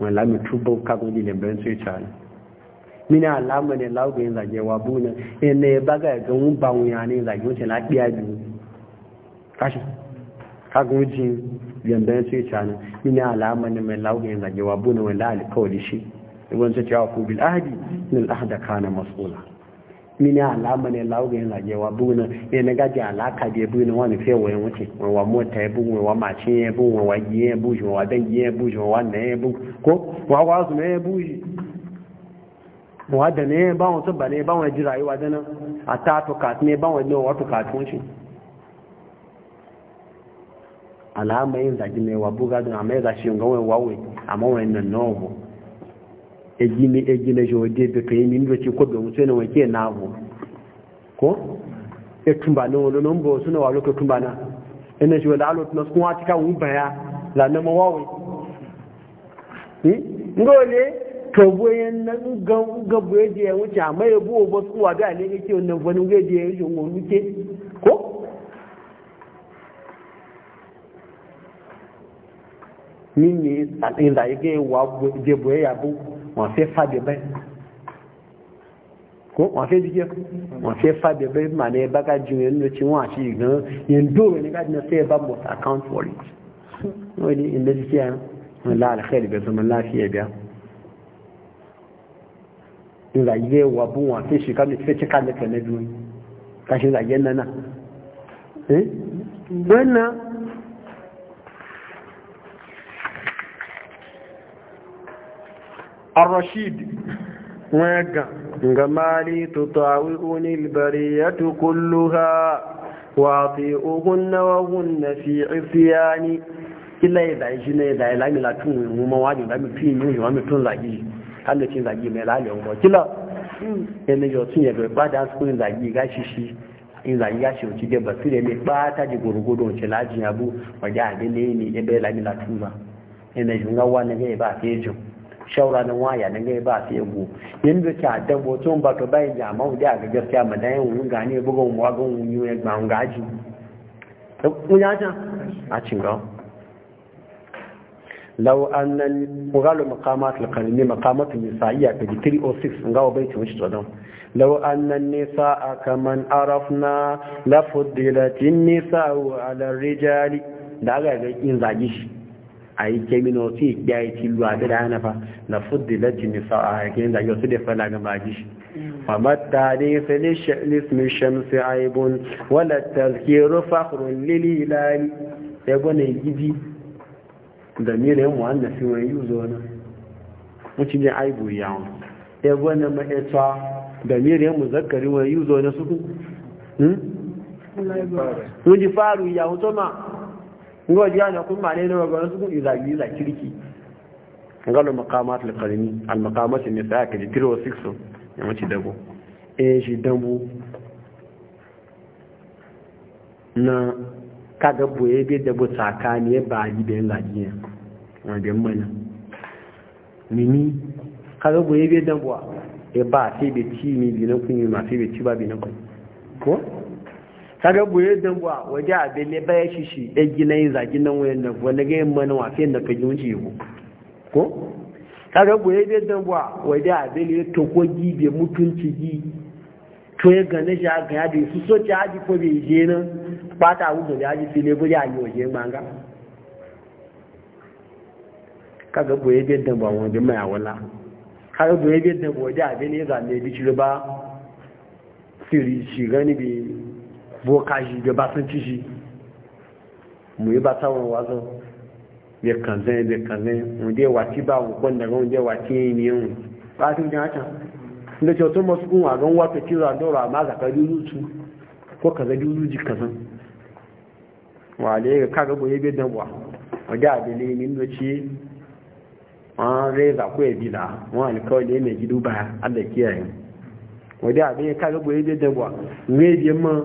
wani lami tubo kagun di lembayin sai ni mini alama ne lauga yin zage wa buna e ne baga ya e ga wun bawun ya ne zage wuce lafiya biyu kashi kagun wuce lembayin sai ni mini alama ne mai lauga yin zage wa buna wani la'alikawar shi ibn e sai cewa ku bil ahadi min al ahda kana mas'ula mini alama ne lauga yana jewa buna e ne na gaji alaka je buna wani fe waye wuce wa mota ya e bu wa mace ya bu wa yi ya e bu wa dangi ya bu wa na ya bu ko wa wa su ne ya bu wa da ne ba wa su ba ne ba wa ji rayuwa da nan a to kat ne ba wa ne wa to kat wuce alama yin zagi ne wa buga don amma ya zashi yin gawa wawe amma wani nan nawa egi ne egi na jode be pe ni ndo ko be mu sene wake na abu ko e tumba no lo no mbo suna walo ko tumba na ene jo la lo tnos ko atika un baya la na mo wawe hmm? ni le to boyen e na ga ga boye je mu cha mai e bo bo su wa da ne yake wannan wani ga je yo ngo nuke ko mimi inda yake wa je boye ya bu wọ́n fẹ́ fà bẹ̀bẹ̀ ko wọ́n fẹ́ jíkẹ́ wọ́n fẹ́ fà bẹ̀bẹ̀ mà ní ẹbá ká jù ẹnu tí wọ́n àti ìgbọ́n yẹn dóòrò ní ká dínà sí ẹbá must account for it wọ́n ní ilé jíkẹ́ wọn lá àlẹ́kẹ́ ìbẹ̀ tó mọ láti nígbà yẹ wà bú wọn fẹ́ ṣe ká fẹ́ ṣẹ́ká lẹ́kẹ̀ẹ́ الرشيد ويقع جمالي تطاوئني البرية كلها وأطيئهن وهن في عصياني إلا إذا إجينا إذا إلا إلا تون وما واجب لا مفين يوم وما تون زاجي هل تين زاجي ما لا يوم كلا إن جو تين يبقى بعد أن سكون زاجي غاشيشي in zagi ya ce wuce gaba su ne ba ta ji gurgudu wace lajin abu wajen abin da yi ne ebe lamila tuba ina shungawa na shawara nan waya nan gai ba su yabo yin ta dabo tun ba ka bayin jama'u da ga gaskiya ma dan wun gane bugun mu ga wun yi ba wun gaji to ku ya ta a cin ga law anna quralu maqamat al-qalbi maqamat nisaiya ta 306 ga bai ta wuce to dan لو أن النساء كمن عرفنا لفضلت النساء على الرجال da aga ga yin zage shi a yi kemino su yi kyaye tilu a dada hana fa na fuddi lati sa a hakin da yau su da fana ga maji shi mm. famatta ne fili lismin shamsi aibun wala tazkiru fakhrun lili lali ya e gwana gidi da mira yin wa'anda fi wani yi zo na mutum yin aibu yawon ya e ma ma'aita e da mira yin muzakkari wani yi zo na suku? Hmm? Mun ji faru yawon to ma ngo jiya na kun mane ne ga su kun izagi la kirki ngalo maqamat al qarni al maqamat al nisa ka 306 ya mace dabo eh shi dabo na kaga boye be dabo tsakani e ba yi be lagi ne wanda mana mini kaga boye be dabo e, e ba sai be ci ni bi na kun yi ma sai be ci ba bi na kun ko kaga buye dan wa waje a bele baya shi shi da gina yin zagi nan wayan nan wani ga yin mana wafe da ka yunci wuce ko kaga buye da dan wa waje a bele to ko gibe mutunci gi to ya gane shi ga ya da su so ci haji ko bai je nan ba ta wu da haji sai ne buri a yi waje manga kaga buye da dan wa wanda mai awala kaga buye da dan waje a bele ga ne bi shi ba siri shi gani bi boka shi da basanci shi mu yi ba tsawon wazo ya kanzan ya kanzan wunde wati ba wukon daga wunde wati ya yi miyan ba su jan haka da kyautun masu kun a gan wata kira dora ma zaka duzu su ko kaza duzu ji kazan wale ga kaga boye bai dan wa wadda abin ne da ce an reza ko ya bila wani alkawai ne mai gidu ba allah kiyaye wadda abin ya kaga boye bai dan wa ne biyan ma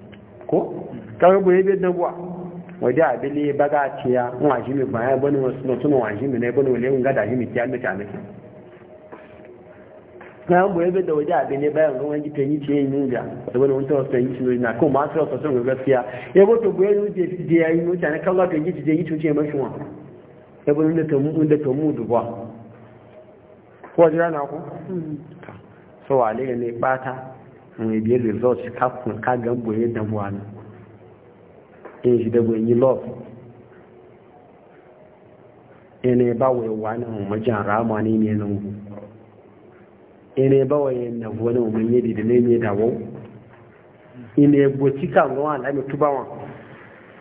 ko karbo yabe da buwa wadda abili baga ce ya shi mai baya bane wasu na suna wa shi mai na ebe wale yin gada shi mai kiyar mace a na kayan boye bai da waje abin ne bayan ruwan wani gitan yi ce yin yunja da wani wani yi ci na kan masu rasa sun ga gaskiya ya Ya na kan yi mashi wa ya da tamu da tamu ko jira na ku mm. so ne bata ibi result kakun kagan boye damuwa ne in shi da boye love ene ba wa yawa na umarjan rama ne ne nan gu ene ba wa yin na wani umar yi da ne ne da wau ene boci kan ruwa na mai tubawa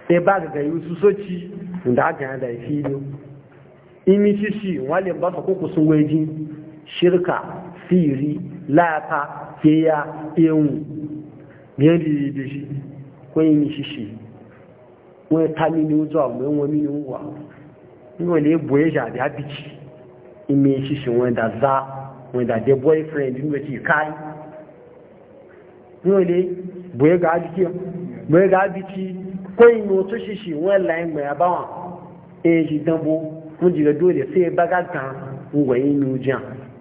e ba ga gayu su soci da aka yada fili imi shi shi wale ba ta koko sun gwaji shirka firi ke ya ewu biyan dìdìdì wọ́n yìí ṣíṣe wọ́n ta nínú ojú àwọn ẹwọ́n nínú wà níwọ̀n lè bọ̀ ẹ̀ṣà àbí àbíkì ime ṣíṣe wọ́n dà zá wọ́n dà dé boyfriend ní wọ́n ti níwọ̀n lè bọ̀ ẹ̀gà àbíkì kó inú tó ṣíṣe wọ́n láì mọ̀ àbáwọn èyí dánbó wọ́n jìrẹ̀ dóòlẹ̀ sí ẹgbágá kan wọ́n yìí nù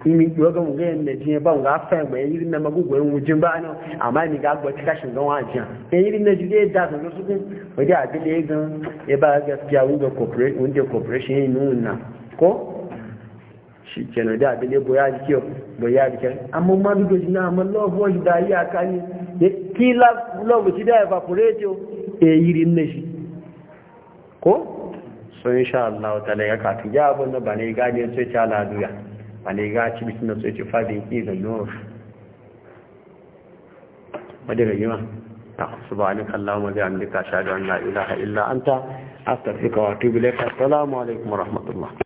mi yoga mu gayan e da jiya e ba ga fa ba yiri na magugo yin wujin ba no amma ni ga gwa tika shin gawa jiya dan yiri na jiya da ga su kun wadi a bi da ga e ba gaskiya wuga corporation wanda corporation yin nuna ko shi kenan da bi ne boya dike boya dike amma ma bi goji na amma love wa da yi aka ni e ki love love ti da evaporate e yiri na shi ko so insha Allah ta'ala ya ka tija abun da bane gane sai ta laduya Wani ga ci bitin da tsoye ce fadin ki ga nor wadda ga yiwa ta kusa ba ni kallon zai an duka shaɗu an la'ila ha'ila an ta astagfika wa tubi laifin assalamu alaikum wa rahmatullah